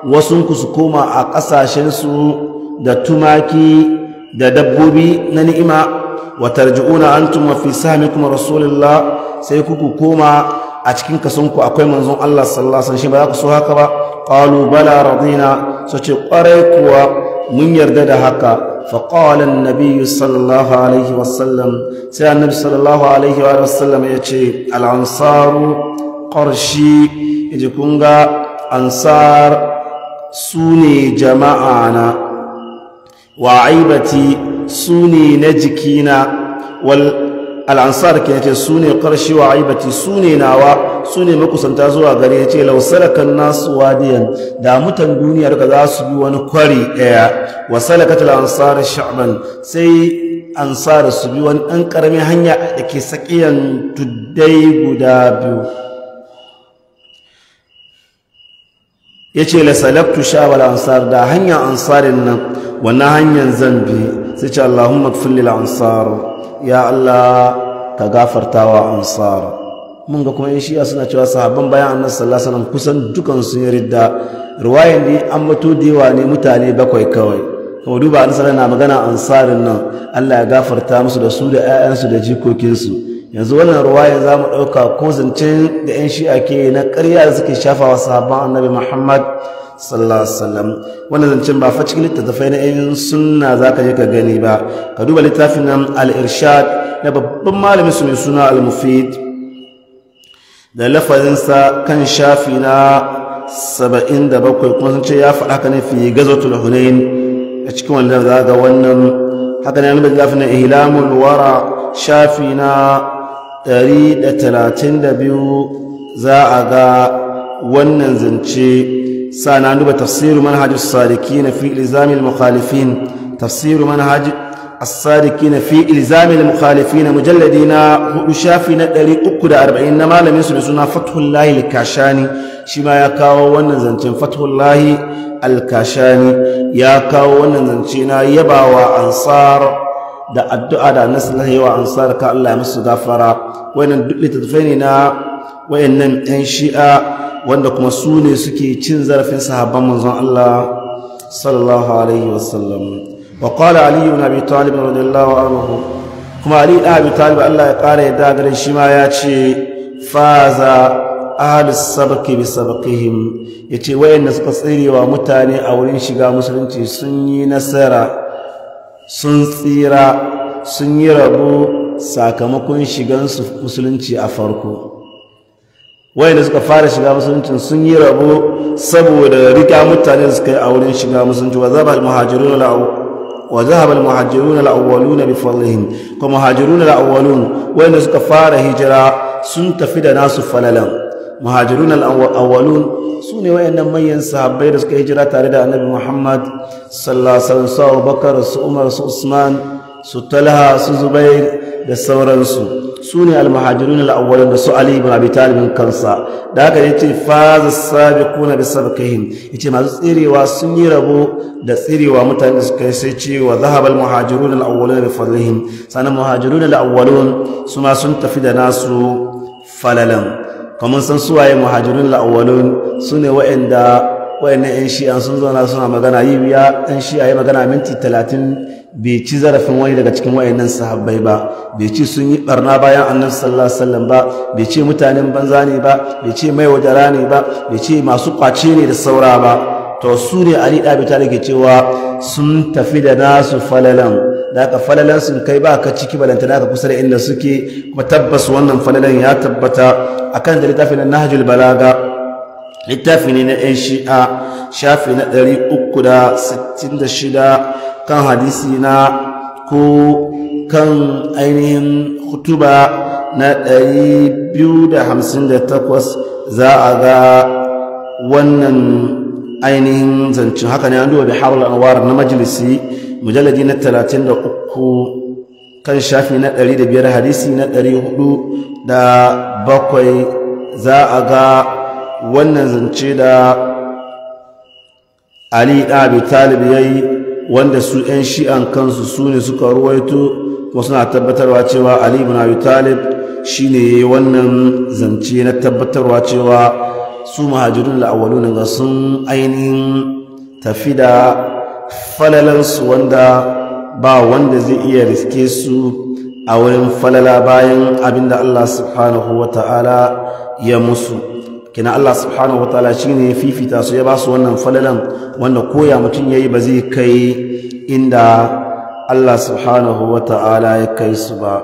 wasun ku su koma a kasashen su da tumaki da dabbobi na ni'ima Wa watarji'una antum wa fi samikum rasulullah sai kuku koma a cikin kasanku akwai manzon Allah sallallahu ba za ku so haka ba qalu bala radina so ce kwarai kuwa mun yarda da haka fa qala an sallallahu alaihi wasallam sai annabi sallallahu alaihi wasallam ya ce al-ansaru qarshi yaje kun ga ansar sune jama'ana wa aibati su ne na jikina wal al'ansar ke ce su ne ƙarshe wa aibati su ne nawa su ne makusanta zuwa gari. ya ce lausalakan nasu wadiyan da mutan duniyar ka za su bi wani kwari ɗaya wa salakata al'ansar sha'ban sai ansar su bi wani ɗan ƙaramin hanya da ke saƙiyan tuddai guda biyu ya ce lasalabtu sha'ban ansar da hanyar ansarin nan wannan hanyar zan bi sai ce Allahumma ighfir lil ansar ya Allah ka gafarta wa ansar mun ga kuma yan shi'a suna cewa sahabban bayan annabi sallallahu alaihi wasallam kusan dukan sun yi ridda riwayan ne an mato dewa ne mutane bakwai kawai kuma duba an sarana magana ansarin nan Allah ya gafarta musu da su da 'ya'yansu da jikokinsu yanzu wannan ruwaya za mu ɗauka ko zancen da 'yan shi'a ke na karya da suke shafawa sahabban annabi muhammad sallallahu alaihi wasallam wannan zancen ba fa cikin littattafai na ainihin sunna zaka je ka gani ba ka duba littafin nan al-irshad na babban malamin su mai suna al-mufid da sa kan shafi na 77 kuma sun ce ya faɗa haka ne fi gazatul hunain a cikin wannan za ga wannan haka ne an bada lafin ihlamul wara shafi na 132 za a ga wannan zance sannan duba tafsirin manhajus sadiki na fi ilzamin mukhalifin tafsirin manhajus sadiki na fi ilzamin mukhalifin na mujalladi na hudu shafi na 340 na malamin su suna fatuhullahi alkashani shi ma ya kawo wannan zancen fatuhullahi alkashani ya kawo wannan zance na yaba wa ansar da addu'a da nasalahi wa ansar ka Allah ya musu gafara wannan duk littattafai ne na wayannan ɗan shi'a wanda kuma su ne suke cin zarafin sahabban manzon Allah sallallahu alaihi wasallam wa qala ali ibn abi talib radiyallahu anhu kuma ali ibn abi talib Allah ya kare yadda gare shi ma ya ce faza ahli sabqi bi sabqihim yace wayanda suka tsirewa mutane a wurin shiga musulunci sun yi nasara sun tsira sun yi rabo sakamakon shigansu musulunci a farko wayanda suka fara shiga musulunci sun yi rabo saboda rika mutane suka yi a wurin shiga musulunci wa zaba al-muhajirun la'u wa zahaba al-muhajirun al-awwaluna bi fadlihim ko muhajirun al-awwalun wayanda suka fara hijira sun tafi da nasu falalan muhajirun al-awwalun sune wayannan manyan sahabbai da suka hijira tare da annabi Muhammad sallallahu alaihi wasallam su Umar su Usman su Talha su Zubair da sauransu su ne almahajirun al'awwalin da su Ali ibn Abi talibin kansa da haka yace faza sabiquna bi Ya yace masu tsirewa sun yi rabo da tsirewa mutane da suka yi sai cewa zahaba almuhajirun al'awwalin bi fadlihim Sannan mahajirun al'awwalin su ma sun tafi da nasu falalan kamar san suwaye muhajirun al'awwalin su ne wa'anda wa'annan yan shi'a sun zauna suna magana yi biya yan shi'a yi magana minti talatin bai ci zarafin wani daga cikin wayannan sahabbai ba bai ci sun yi barna bayan annabi sallallahu alaihi wasallam ba bai ce mutanen banza ne ba bai ce mai wajara ne ba bai ce masu kwace ne da saura ba to su ne ali dabi ta dake cewa sun tafi da nasu falalan da ka falalan sun kai ba ka ciki balanta da ka kusa da inda suke kuma tabbas wannan falalan ya tabbata akan da littafin nahjul balaga littafi ne na yan shi'a shafi na 366 kan hadisi na ko kan ainihin hutuba na 258 za a ga wannan ainihin zancin haka ne an duba biharul anwar na majalisi mujalladi na 33 kan shafi na 105 hadisi na 400 da bakwai za a ga wannan zance da ali ɗabi talib ya yi wanda su 'yan shi'an kansu su ne suka ruwaito kuma suna tabbatarwa cewa ali ibn abi talib shine yi wannan zance na tabbatarwa cewa su mahajirun la'awalu awwalun ga sun ainihin tafi da falalansu wanda ba wanda zai iya riske su a wurin falala bayan abin da Allah subhanahu wa ta'ala ya musu kina Allah subhanahu wataala shine ya fifita su ya ba su wannan falalan wanda koya mutum yayi ba zai kai inda Allah subhanahu wataala ya kai su ba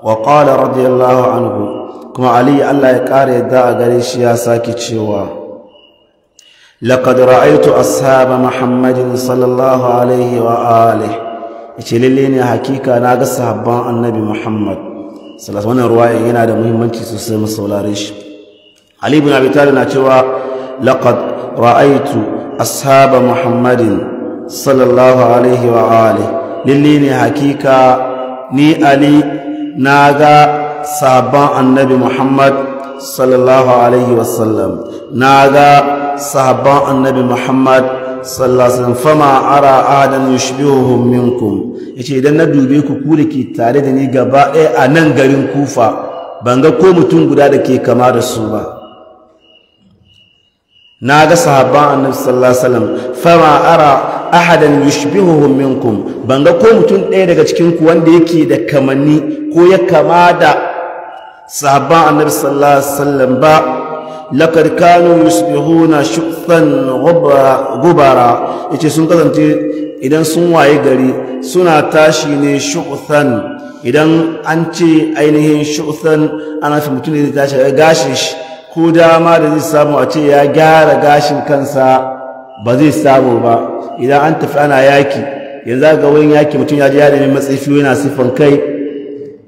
wa qala radiyallahu anhu kuma Ali Allah ya kare yadda a gare shi ya saki cewa laqad ra'aytu ashaba muhammadin sallallahu alaihi wa alihi ce lalle ne hakika na ga sahabban annabi muhammad sallallahu alaihi wa alihi yana da muhimmanci sosai mu saurare shi ali ibn abi talib na cewa laqad ra'aitu ashaba muhammadin sallallahu alaihi wa alihi lilli ne hakika ni ali na ga sabon annabi muhammad sallallahu alaihi wasallam na ga sabon annabi muhammad sallasin fama ara adan yushbihuhum minkum yace idan na dube ku ku da ke tare da ni gaba ɗaya a nan garin kufa ban ga ko mutum guda da ke kama da su ba na ga sahabban annabi sallallahu alaihi wasallam fama ara ahadan yushbihuhum minkum ban ga ko mutum ɗaya daga cikin ku wanda yake da kamanni ko ya kama da sahabban annabi sallallahu alaihi wasallam ba laqad kanu yusbihuna shuqtan gubara yace sun kasance idan sun waye gari suna tashi ne shuqtan idan an ce ainihin shuqtan ana fi mutum da tashi gashin shi ko dama da zai samu a ce ya gyara gashin kansa ba zai samu ba idan an tafi ana yaki yanzu ga wurin yaki mutum ya ji ya nemi matsayi yana siffan kai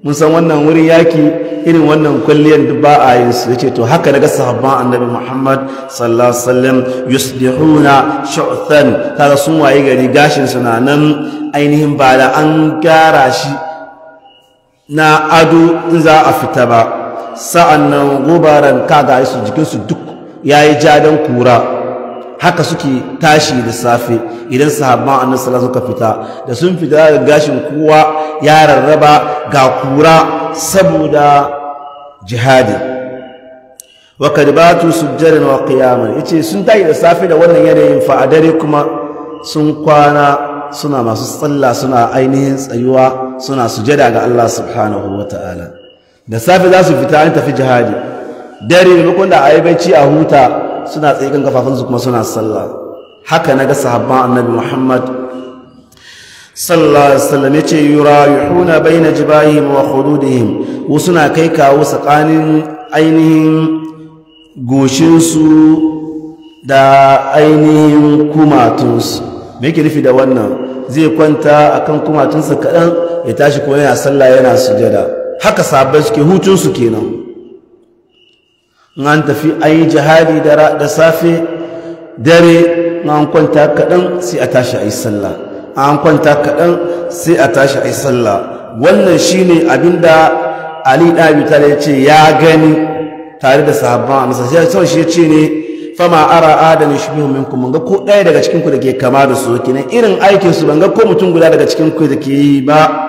mun san wannan wurin yaki irin wannan kwalliyar da ba a yin su yace to haka daga sahabban annabi Muhammad sallallahu alaihi wasallam yusbihuna shu'than kaga sun waye gari gashin su na nan ainihin ba da an gyara shi na ado in za a fita ba sa'annan gubaran kaga su jikinsu duk ya yayi jadan kura haka suke tashi da safe idan sahabban annabi sallallahu suka fita da sun fita da gashin kowa ya rarraba ga kura saboda jihadi wa kadbatu jarin wa qiyaman yace sun tashi da safe da wannan yanayin fa'adare kuma sun kwana suna masu tsalla suna ainihin tsayuwa suna sujada ga Allah subhanahu wa ta'ala da safe za su fita an tafi jihadi dare maimakon da a yi bacci a huta suna tsaye kan su kuma suna sallah haka na ga sahabban annabi muhammad sallallahu alaihi wasallam yace yurayuhuna baina jibahihim wa khududihim wasu suna kai kawo tsakanin ainihin goshinsu da ainihin kumatunsu me yake nufi da wannan zai kwanta akan kumatunsa kaɗan ya tashi kuma yana sallah yana sujada haka sabai suke hutun su kenan an tafi an jihadi da safe dare an kwanta kaɗan sai a tashi a sallah an kwanta kaɗan sai a tashi a sallah wannan shine abinda Ali Dabi Tare ya ce ya gani tare da sahabban amsa sai son shi ce ne fama ara adam yushbihu minkum ga ko ɗaya daga cikin ku ke kama da su kenan irin aikinsu su ban ga ko mutum guda daga cikin ku ke yi ba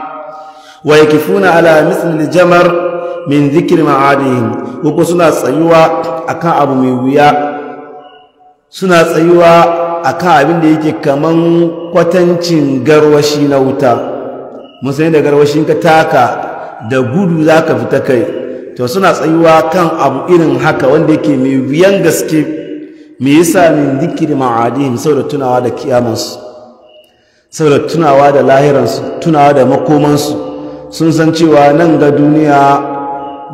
ويكفون ala مثل الجمر min zikir ma'adihim ko suna tsayuwa akan abu mai wuya suna tsayuwa akan abin da yake kaman kwatancin garwashi na wuta mun da garwashin ka taka da gudu zaka fita kai to suna tsayuwa kan abu irin haka wanda yake mai wuyan gaske me yasa min zikir ma'adihim saboda tunawa da kiyamansu saboda tunawa da lahiransu tunawa da makomansu sun san cewa nan ga duniya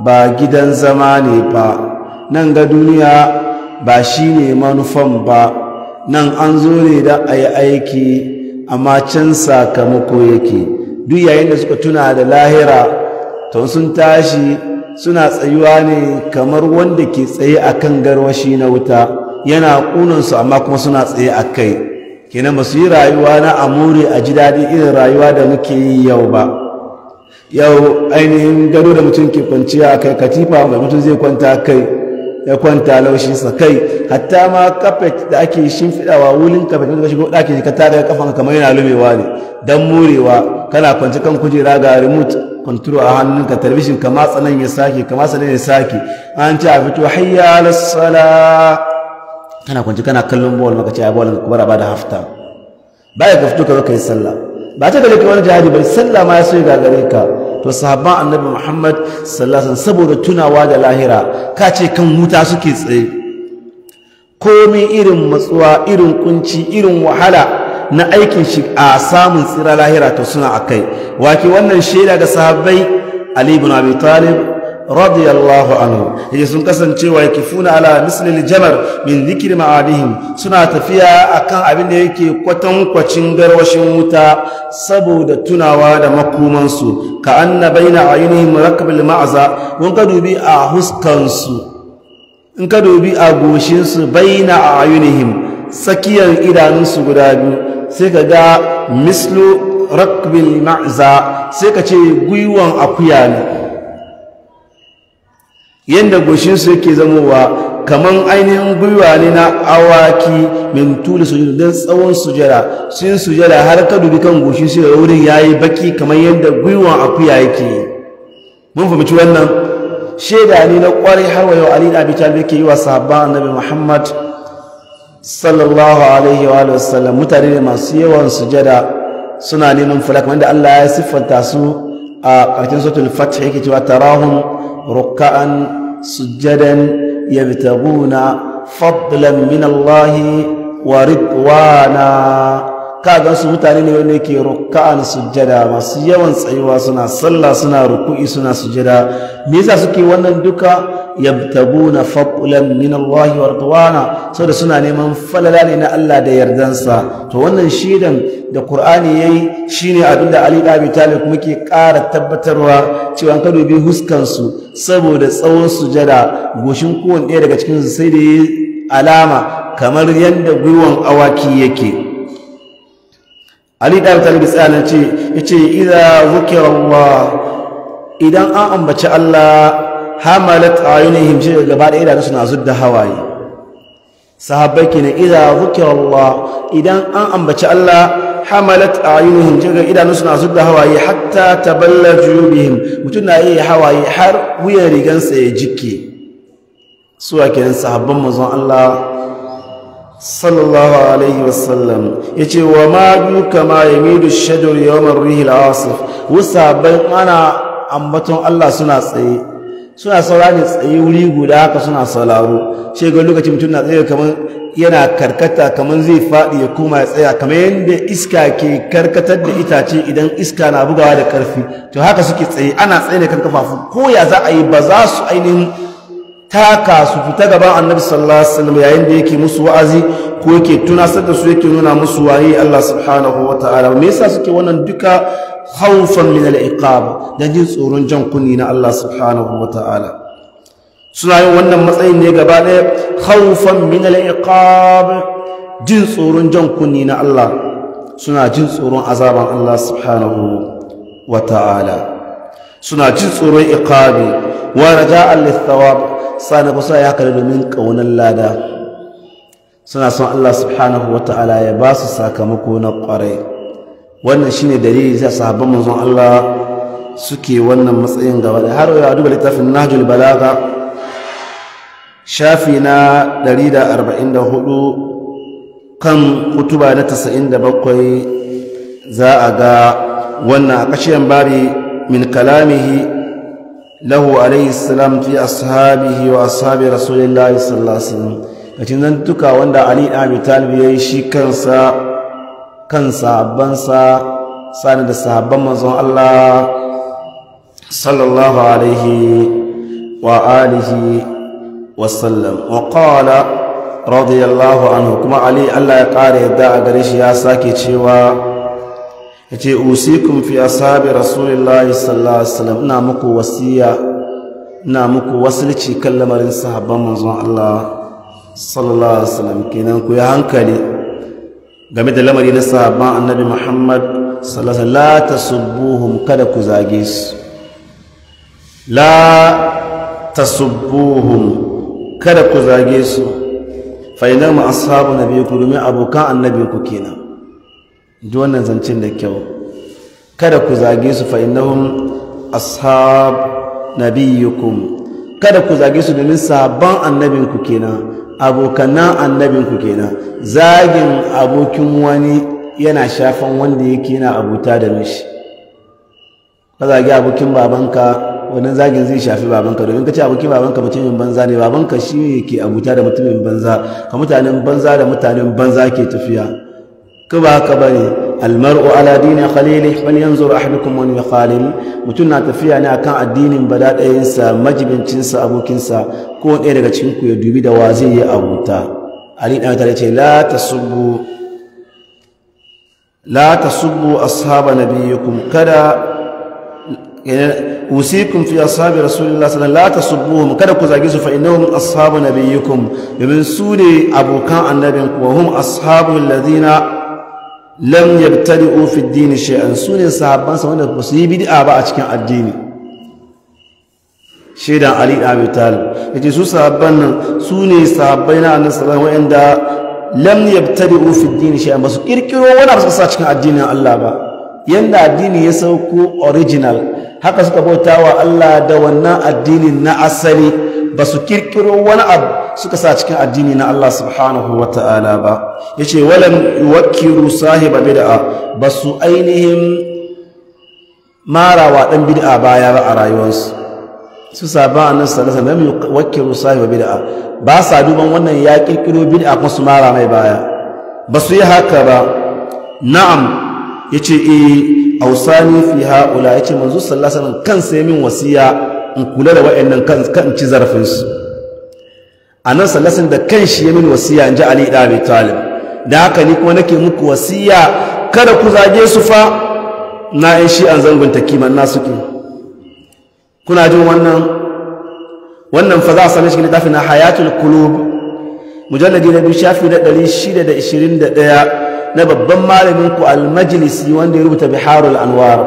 ba gidan zama ne ba nan ga duniya ba shi ne manufan ba nan an zo ne da a yi aiki amma can sakamako yake duk yayin da suka tuna da lahira to sun tashi suna tsayuwa ne kamar wanda ke tsaye a kan garwashi na wuta yana ƙunansu amma kuma suna tsaye a kai kenan ba su yi rayuwa na amure a ji daɗi irin rayuwa da muke yi yau ba yau ainihin gado da mutum ke kwanciya a kai katifa mai mutum zai kwanta kai ya kwanta sa kai hatta ma kafet da ake shimfiɗawa wulin kafet da shigo ɗaki ka tare kafan kamar yana lumewa ne don murewa kana kwanci kan kujera ga remote control a hannunka talabishin ka matsa nan ya sake ka matsa nan ya sake an ci a fito hayya ala sala kana kwanci kana kallon bawal maka ce a ball ka bara ba da hafta baya ka fito ka zo ka yi sallah ba ta gare ka wani jihadi bai sallah ma ya so ga gare ka to sahabban annabi muhammad sallallahu alaihi saboda tunawa da lahira ka ce kan huta suke tsaye komai irin matsuwa irin kunci irin wahala na aikin shi a samun tsira lahira to suna akai wake wannan shaida ga sahabbai ali ibn abi talib radiyallahu anhu yace sun kasance wa yakifuna ala mislil jamar min dhikri ma'adihim suna tafiya akan abin da yake kwatankwacin garwashin wuta saboda tunawa da makomansu ka anna baina ayunihim rakbil ma'za wan ka dubi a su in ka dubi a goshinsu baina ayunihim tsakiyar idanunsu guda biyu sai ka ga mislu rakbil ma'za sai ka ce gwiwan akuya ne yadda su yake zamowa kaman ainihin gwiwa ne na awaki min tuli sujud don tsawon sujada sun sujada har ka dubi kan goshin su da wurin yayi baki kamar yadda gwiwan akuya yake mun fahimci wannan shaida ne na kwarai har wa yau ali da abi talib yake yi wa sahabba annabi muhammad sallallahu alaihi wa alihi mutane ne masu yawan sujada suna neman falak wanda Allah ya siffanta su a ƙarshen suratul fath yake cewa tarahum ركعا سجدا يبتغون فضلا من الله ورضوانا ka ga su mutane ne wanda yake rukka'an sujjada masu yawan tsayuwa suna sallah suna ruku'i suna sujjada me yasa suke wannan duka yabtabuna fadlan min Allah wa ridwana saboda suna neman falala ne na Allah da yardansa to wannan shidan da Qur'ani yayi shine abinda Ali da Abi Talib muke ƙara tabbatarwa cewa ka dubi huskan su saboda tsawon sujjada goshin kowanne daga cikin su sai da alama kamar yanda gwiwon awaki yake ali da talib tsana ce yace idza zukira allah idan an ambaci allah hamalat ayunihim shi gaba da idanun suna zudda hawaye sahabbai kenan idza zukira allah idan an ambaci allah hamalat ayunihim shi da idan suna zudda hawaye hatta taballaju bihim mutun na yi hawaye har wuyan rigansa ya jike suwa kenan sahabban manzon allah sallallahu alaihi wasallam ya ce wa ma duka ma ya midu shadur yawon rihil asif wusa ban ana ambaton Allah suna tsaye suna saurari tsaye wuri guda haka suna sauraro ce ga lokacin mutum na tsaye kamar yana karkata kamar zai faɗi ya koma ya tsaya kamar yadda iska ke karkatar da itace idan iska na bugawa da karfi to haka suke tsaye ana tsaye ne kan ko ya za a yi ba za su ainihin taka su fita gaban annabi sallallahu alaihi wasallam yayin da yake musu wa'azi ko yake tunasar da su yake nuna musu waye Allah subhanahu wataala me yasa suke wannan duka khawfan min al-iqab da jin tsoron jan kunni na Allah subhanahu wataala suna yin wannan matsayin ne gaba ɗaya khawfan min al-iqab jin tsoron jan kunni na Allah suna jin tsoron azaban Allah subhanahu wataala suna jin tsoron iqabi wa raja'an lithawab Sani kusa ya kare domin ƙaunar lada suna son Allah subhanahu wa ta'ala ya ba su sakamako na ƙwarai wannan shine dalili sai sahabban manzon Allah suke wannan matsayin gaba da har ya duba littafin Nahjul Balagha shafi na 144 kan kutuba na 97 za a ga wannan a kashiyan bari min kalamihi lahu alaihi salam fi ashabihi wa ashabi rasulillahi sallallahu alaihi wasallam kacin zan tuka wanda ali da abi talib yayi shi kansa kan sahabbansa sani da sahabban manzon Allah sallallahu alaihi wa alihi wa sallam wa qala radiyallahu anhu kuma ali Allah ya kare yadda a shi ya sake cewa ya ce usikum fi ashabi rasulillahi sallallahu alaihi wasallam ina muku wasiya ina muku wasilci kan lamarin sahabban manzon Allah sallallahu alaihi wasallam kenan ku yi hankali game da lamari na sahabban annabi Muhammad sallallahu alaihi la tasubbuhum kada ku zage su la tasubbuhum kada ku zage su fa inama ashabu nabiyyi ku domin abokan annabi ku kenan ji wannan zancen da kyau kada ku zage su fa innahum ashab nabiyyukum kada ku zage su domin sabon annabinku kenan abokanan annabinku kenan zagin abokin wani yana shafan wanda yake yana abuta da mishi ka zagi abokin babanka wannan zagin zai shafi babanka domin ka ce abokin babanka mutumin banza ne babanka shi ne ke abuta da mutumin banza ka mutanen banza da mutanen banza ke tafiya ko ba haka bane almar'u ala dini khalilih man yanzur ahadukum man yuqalim mutun na tafiya ne akan addinin badadayin sa majibincin sa abokin sa ko ɗaya daga cikin ku ya dubi da wa zai yi abuta ali dan ta ce la tasubbu la tasubbu ashaba nabiyikum kada usikum fi ashabi rasulillah sallallahu la tasubbuhum kada ku zage su fa innahum ashabu nabiyyikum domin su ne abokan annabin ku hum ashabu alladhina lam yabtadi'u fi dini shay'an su ne sa wanda ba su yi bid'a ba a cikin addini shaidan ali da abi talib yace su sahabban nan su ne sahabbai na annabi sallallahu alaihi wasallam lam yabtadi'u fi dini shay'an ba su kirkiro wani abu sa cikin addinin Allah ba yanda addini ya sauko original haka suka bauta wa Allah da wannan addinin na asali ba su kirkiro wani abu suka sa cikin addini na Allah subhanahu wa ta'ala ba ya ce walan wakiru sahiba bid'a ba su ainihin marawa ɗan bid'a baya ba a rayuwarsu su saba annan sallallahu alaihi wasallam wakiru sahiba bid'a ba sa duban wannan ya kirkiro bid'a kuma su mara mai baya ba su yi haka ba na'am yace eh ausani fi haula yace manzo sallallahu alaihi wasallam kansa yamin wasiya in kula da wa'annan kan kan ci zarafin su a nan sallasin da kan shi ya min wasiya in ji ali da abi talib da haka ni kuma nake muku wasiya kada ku zage su fa na yi shi an zangon takima na suke kuna jin wannan wannan fa za a sami shi littafi na hayatul kulub mujalladi na biyu shafi na ɗari shida da ishirin da ɗaya na babban malamin ku almajlisi wanda ya rubuta biharul anwar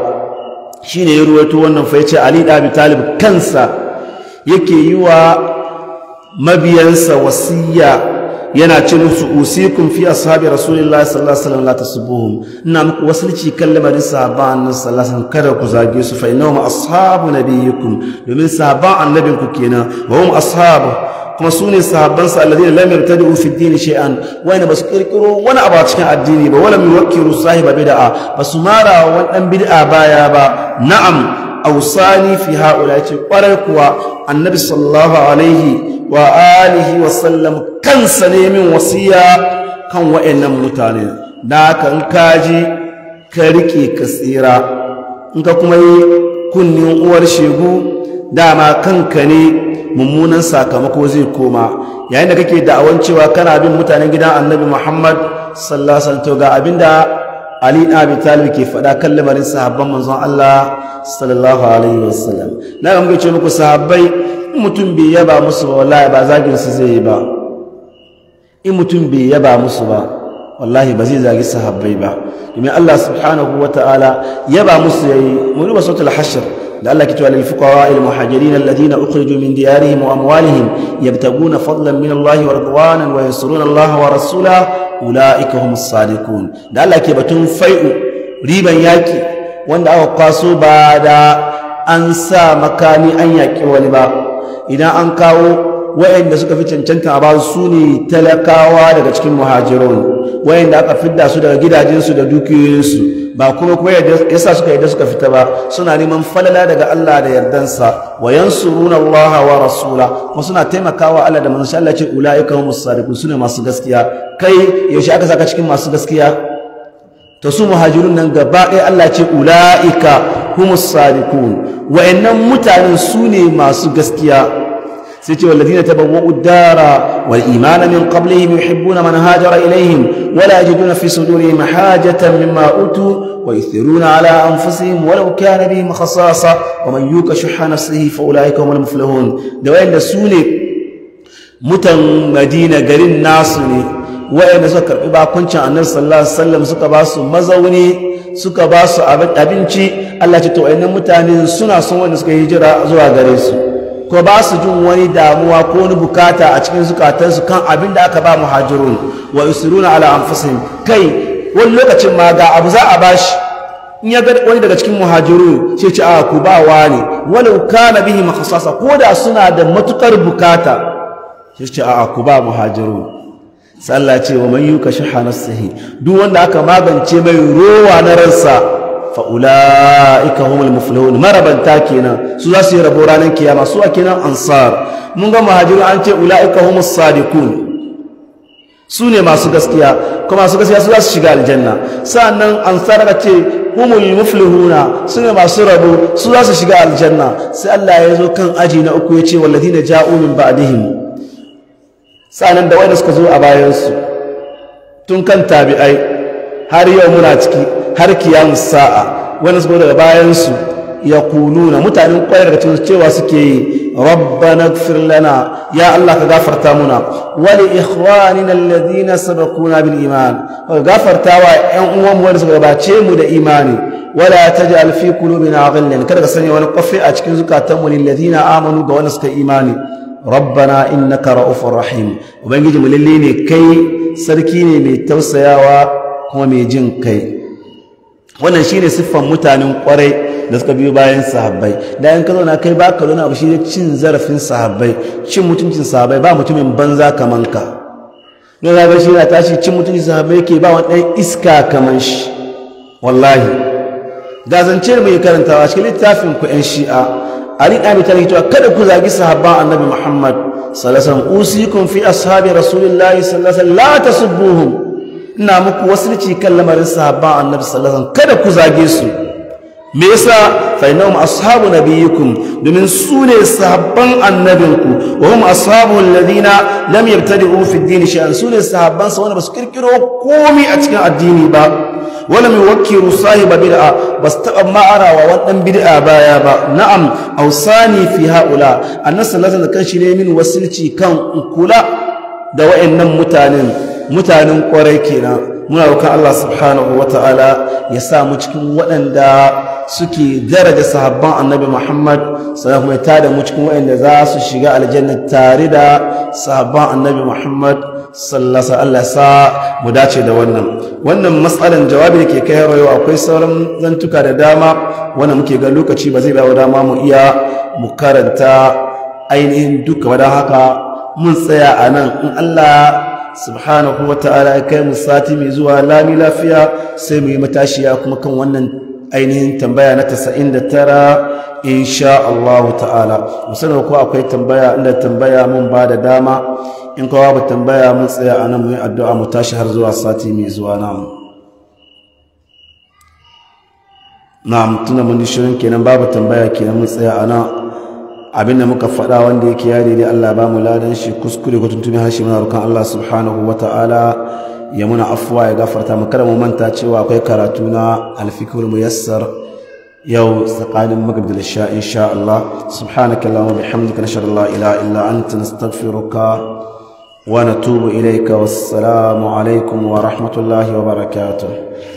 shine ya ruwaito wannan fa ya ce ali da abi talib kansa yake yi wa mabiyansa wasiya yana ce musu usikum fi ashabi rasulillahi sallallahu alaihi wasallam la tasbuhum ina muku wasulci kan lamarin sahaban sallallahu alaihi wasallam kada ku zage su fa innahum ashabu nabiyikum domin annabin ku kenan wa hum ashabu kuma su ne sahabbansa alladhina lam yabtadi'u fi ad-din shay'an wayna basu kirkiro wani abu a cikin addini ba wala yuwakkiru sahiba bid'a basu mara wa dan bid'a baya ba na'am ausani fi haula ce kwarai kuwa annabi sallallahu alaihi wa alihi wa sallam kansa ne min wasiya kan wayannan mutane da kan kaji ka rike ka tsira in ka kuma yi kunnin uwar shegu dama kanka ne mummunan sakamako zai koma yayin da kake da'awan cewa kana bin mutanen gidan annabi Muhammad sallallahu alaihi sallam to ga abinda ali na abi talib ke faɗa kan lamarin sahabban manzon Allah sallallahu alaihi wasallam na ga muke ce muku sahabbai in mutum bai yaba musu ba wallahi ba zagin su zai yi ba in mutum bai yaba musu ba wallahi ba zai zagi sahabbai ba domin Allah subhanahu ta'ala yaba musu yayi mu ruba sautul hashr da Allah ke cewa lil fuqara al muhajirin alladhina ukhriju min diyarihim wa amwalihim yabtaguna fadlan min Allah wa ridwanan wa yansuruna Allah wa rasulahu ulaika humus sadiqun da Allah ke batun fai'u riban yaki wanda aka kwaso ba da an sa makami an yaki wani ba idan an kawo wayanda suka fi cancanta a bazu su ne talakawa daga cikin muhajirun wayanda aka fidda su daga gidajensu da dukiyoyinsu ba kuma kuma yasa suka yadda suka fita ba suna neman falala daga Allah da yardansa wa yansuruna Allah wa rasula kuma suna taimakawa Allah da manzon Allah ce ulaika humus sadiqun sune masu gaskiya kai yaushe aka saka cikin masu gaskiya to su muhajirun nan gaba ɗaya Allah ce ulaika humus sadiqun wa'annan mutanen sune masu gaskiya sai ce wallazina tabawwa'u ad-dara wal imana min qablihim yuhibbuna man hajara ilayhim wala yajiduna fi sudurihim hajatan mimma utu wa yuthiruna ala anfusihim walau kana bihim khasasa wa man yuqa shuhha nafsihi fa ulaika humul muflihun da wayanda sune mutan Madina garin nasu ne wayanda suka karbi bakuncin Annabi sallallahu alaihi wasallam suka ba su mazauni suka ba su abinci Allah ya ce to wayannan mutane suna son wanda suka hijira zuwa gare su ko ba su jin wani damuwa ko wani bukata a cikin zukatansu kan abin da aka ba muhajirun wa yusiruna ala anfusihim kai wani lokacin ma ga abu za a bashi in ya ga wani daga cikin muhajirun sai ce a ku ba wani walau kana bihi makhassasa ko da suna da matukar bukata sai ce a ku ba muhajirun sallah ce wa man yuka shaha nafsihi duk wanda aka magance mai rowa na ransa fa'ula'ika humul muflihun marabanta kenan su za su yi rabo ranar kiyama su a kenan ansar mun ga muhajiru an ce ula'ika humus sadiqun su ne masu gaskiya kuma masu gaskiya su za su shiga aljanna nan ansar ka ce humul muflihuna su ne masu rabo su za su shiga aljanna sai Allah ya zo kan aji na uku ya ce ja umin min ba'dihim sa'annan da wanda suka zo a bayansu tun kan tabi'ai har yau muna ciki har kiyamun sa'a wani su daga bayansu ya kuluna mutanen kwayar daga cikin cewa suke yi rabbana gfir lana ya Allah ka gafarta muna wali ikhwanina alladhina sabaquna bil iman ka gafarta wa ƴan uwan mu wanda suka gabace mu da imani wala taj'al fi qulubina ghillan kada ka sanya wani kofi a cikin zukatan mu lilladhina amanu ga wanda suka imani rabbana innaka ra'ufur rahim ubangiji mu lalle ne kai sarki ne mai tausayawa kuma mai jin kai wannan shine siffan mutanen kwarai da suka biyo bayan sahabbai da yan kazo na kai baka lona abu shine cin zarafin sahabbai cin mutuncin sahabbai ba mutumin banza kaman ka ne zaga shi na tashi cin mutuncin sahabbai ke ba wani ɗan iska kaman shi wallahi da zance mai karantawa cikin littafin ku yan shi'a ali ɗan bitar hitowa kada ku zagi sahabba annabi muhammad sallallahu alaihi wasallam usikum fi ashabi rasulillahi sallallahu alaihi wasallam la tasubbuhum ina muku wasulci kan lamarin sahabban annabi sallallahu alaihi wasallam kada ku zage su me yasa fa innahum ashabu nabiyikum domin su ne sahabban annabinku wa hum ashabu alladhina lam yabtadi'u fi din shay'an su ne sahabban sa wanda basu kirkiro komai a cikin addini ba wala yuwakkiru sahiba bid'a bas taba ma'ara wa wannan bid'a baya ba na'am awsani fi haula annas sallallahu alaihi wasallam kan shi ne min wasilci kan kula da waɗannan mutanen mutanen kwarai kenan muna roƙon Allah subhanahu wata'ala ya sa mu cikin waɗanda suke daraja sahabban annabi Muhammad sallallahu alaihi wasallam da mu cikin waɗanda za su shiga aljanna tare da sahabban annabi Muhammad sallallahu alaihi Allah sa mu dace da wannan wannan matsalan jawabi da ke kai yau akwai sauran zantuka da dama wannan muke ga lokaci ba zai ba dama mu iya mu karanta ainihin duka wadda haka mun tsaya a nan in Allah subhanahu wa ta'ala ya kai mu sati mai zuwa lami lafiya sai mu yi matashiya kuma kan wannan ainihin tambaya na da tara insha Allah ta'ala musamman ko akwai tambaya inda tambaya mun ba da dama in kawo ba tambaya mun tsaya a nan mu yi addu'a mu tashi har zuwa sati mai zuwa namu na tuna mun shirin kenan babu tambaya kenan mun tsaya a nan abin da muka faɗa wanda yake ya daidai Allah ba mu ladan shi kuskure ko tuntuni hashi muna roƙon Allah subhanahu wata'ala ya muna afuwa ya gafarta mu kada mu manta cewa akwai karatu na alfikul muyassar yau tsakanin maghrib da insha Allah subhanaka allahumma bihamdika nashhadu la ilaha illa anta nastaghfiruka wa natubu ilayka wassalamu alaikum wa rahmatullahi wa barakatuh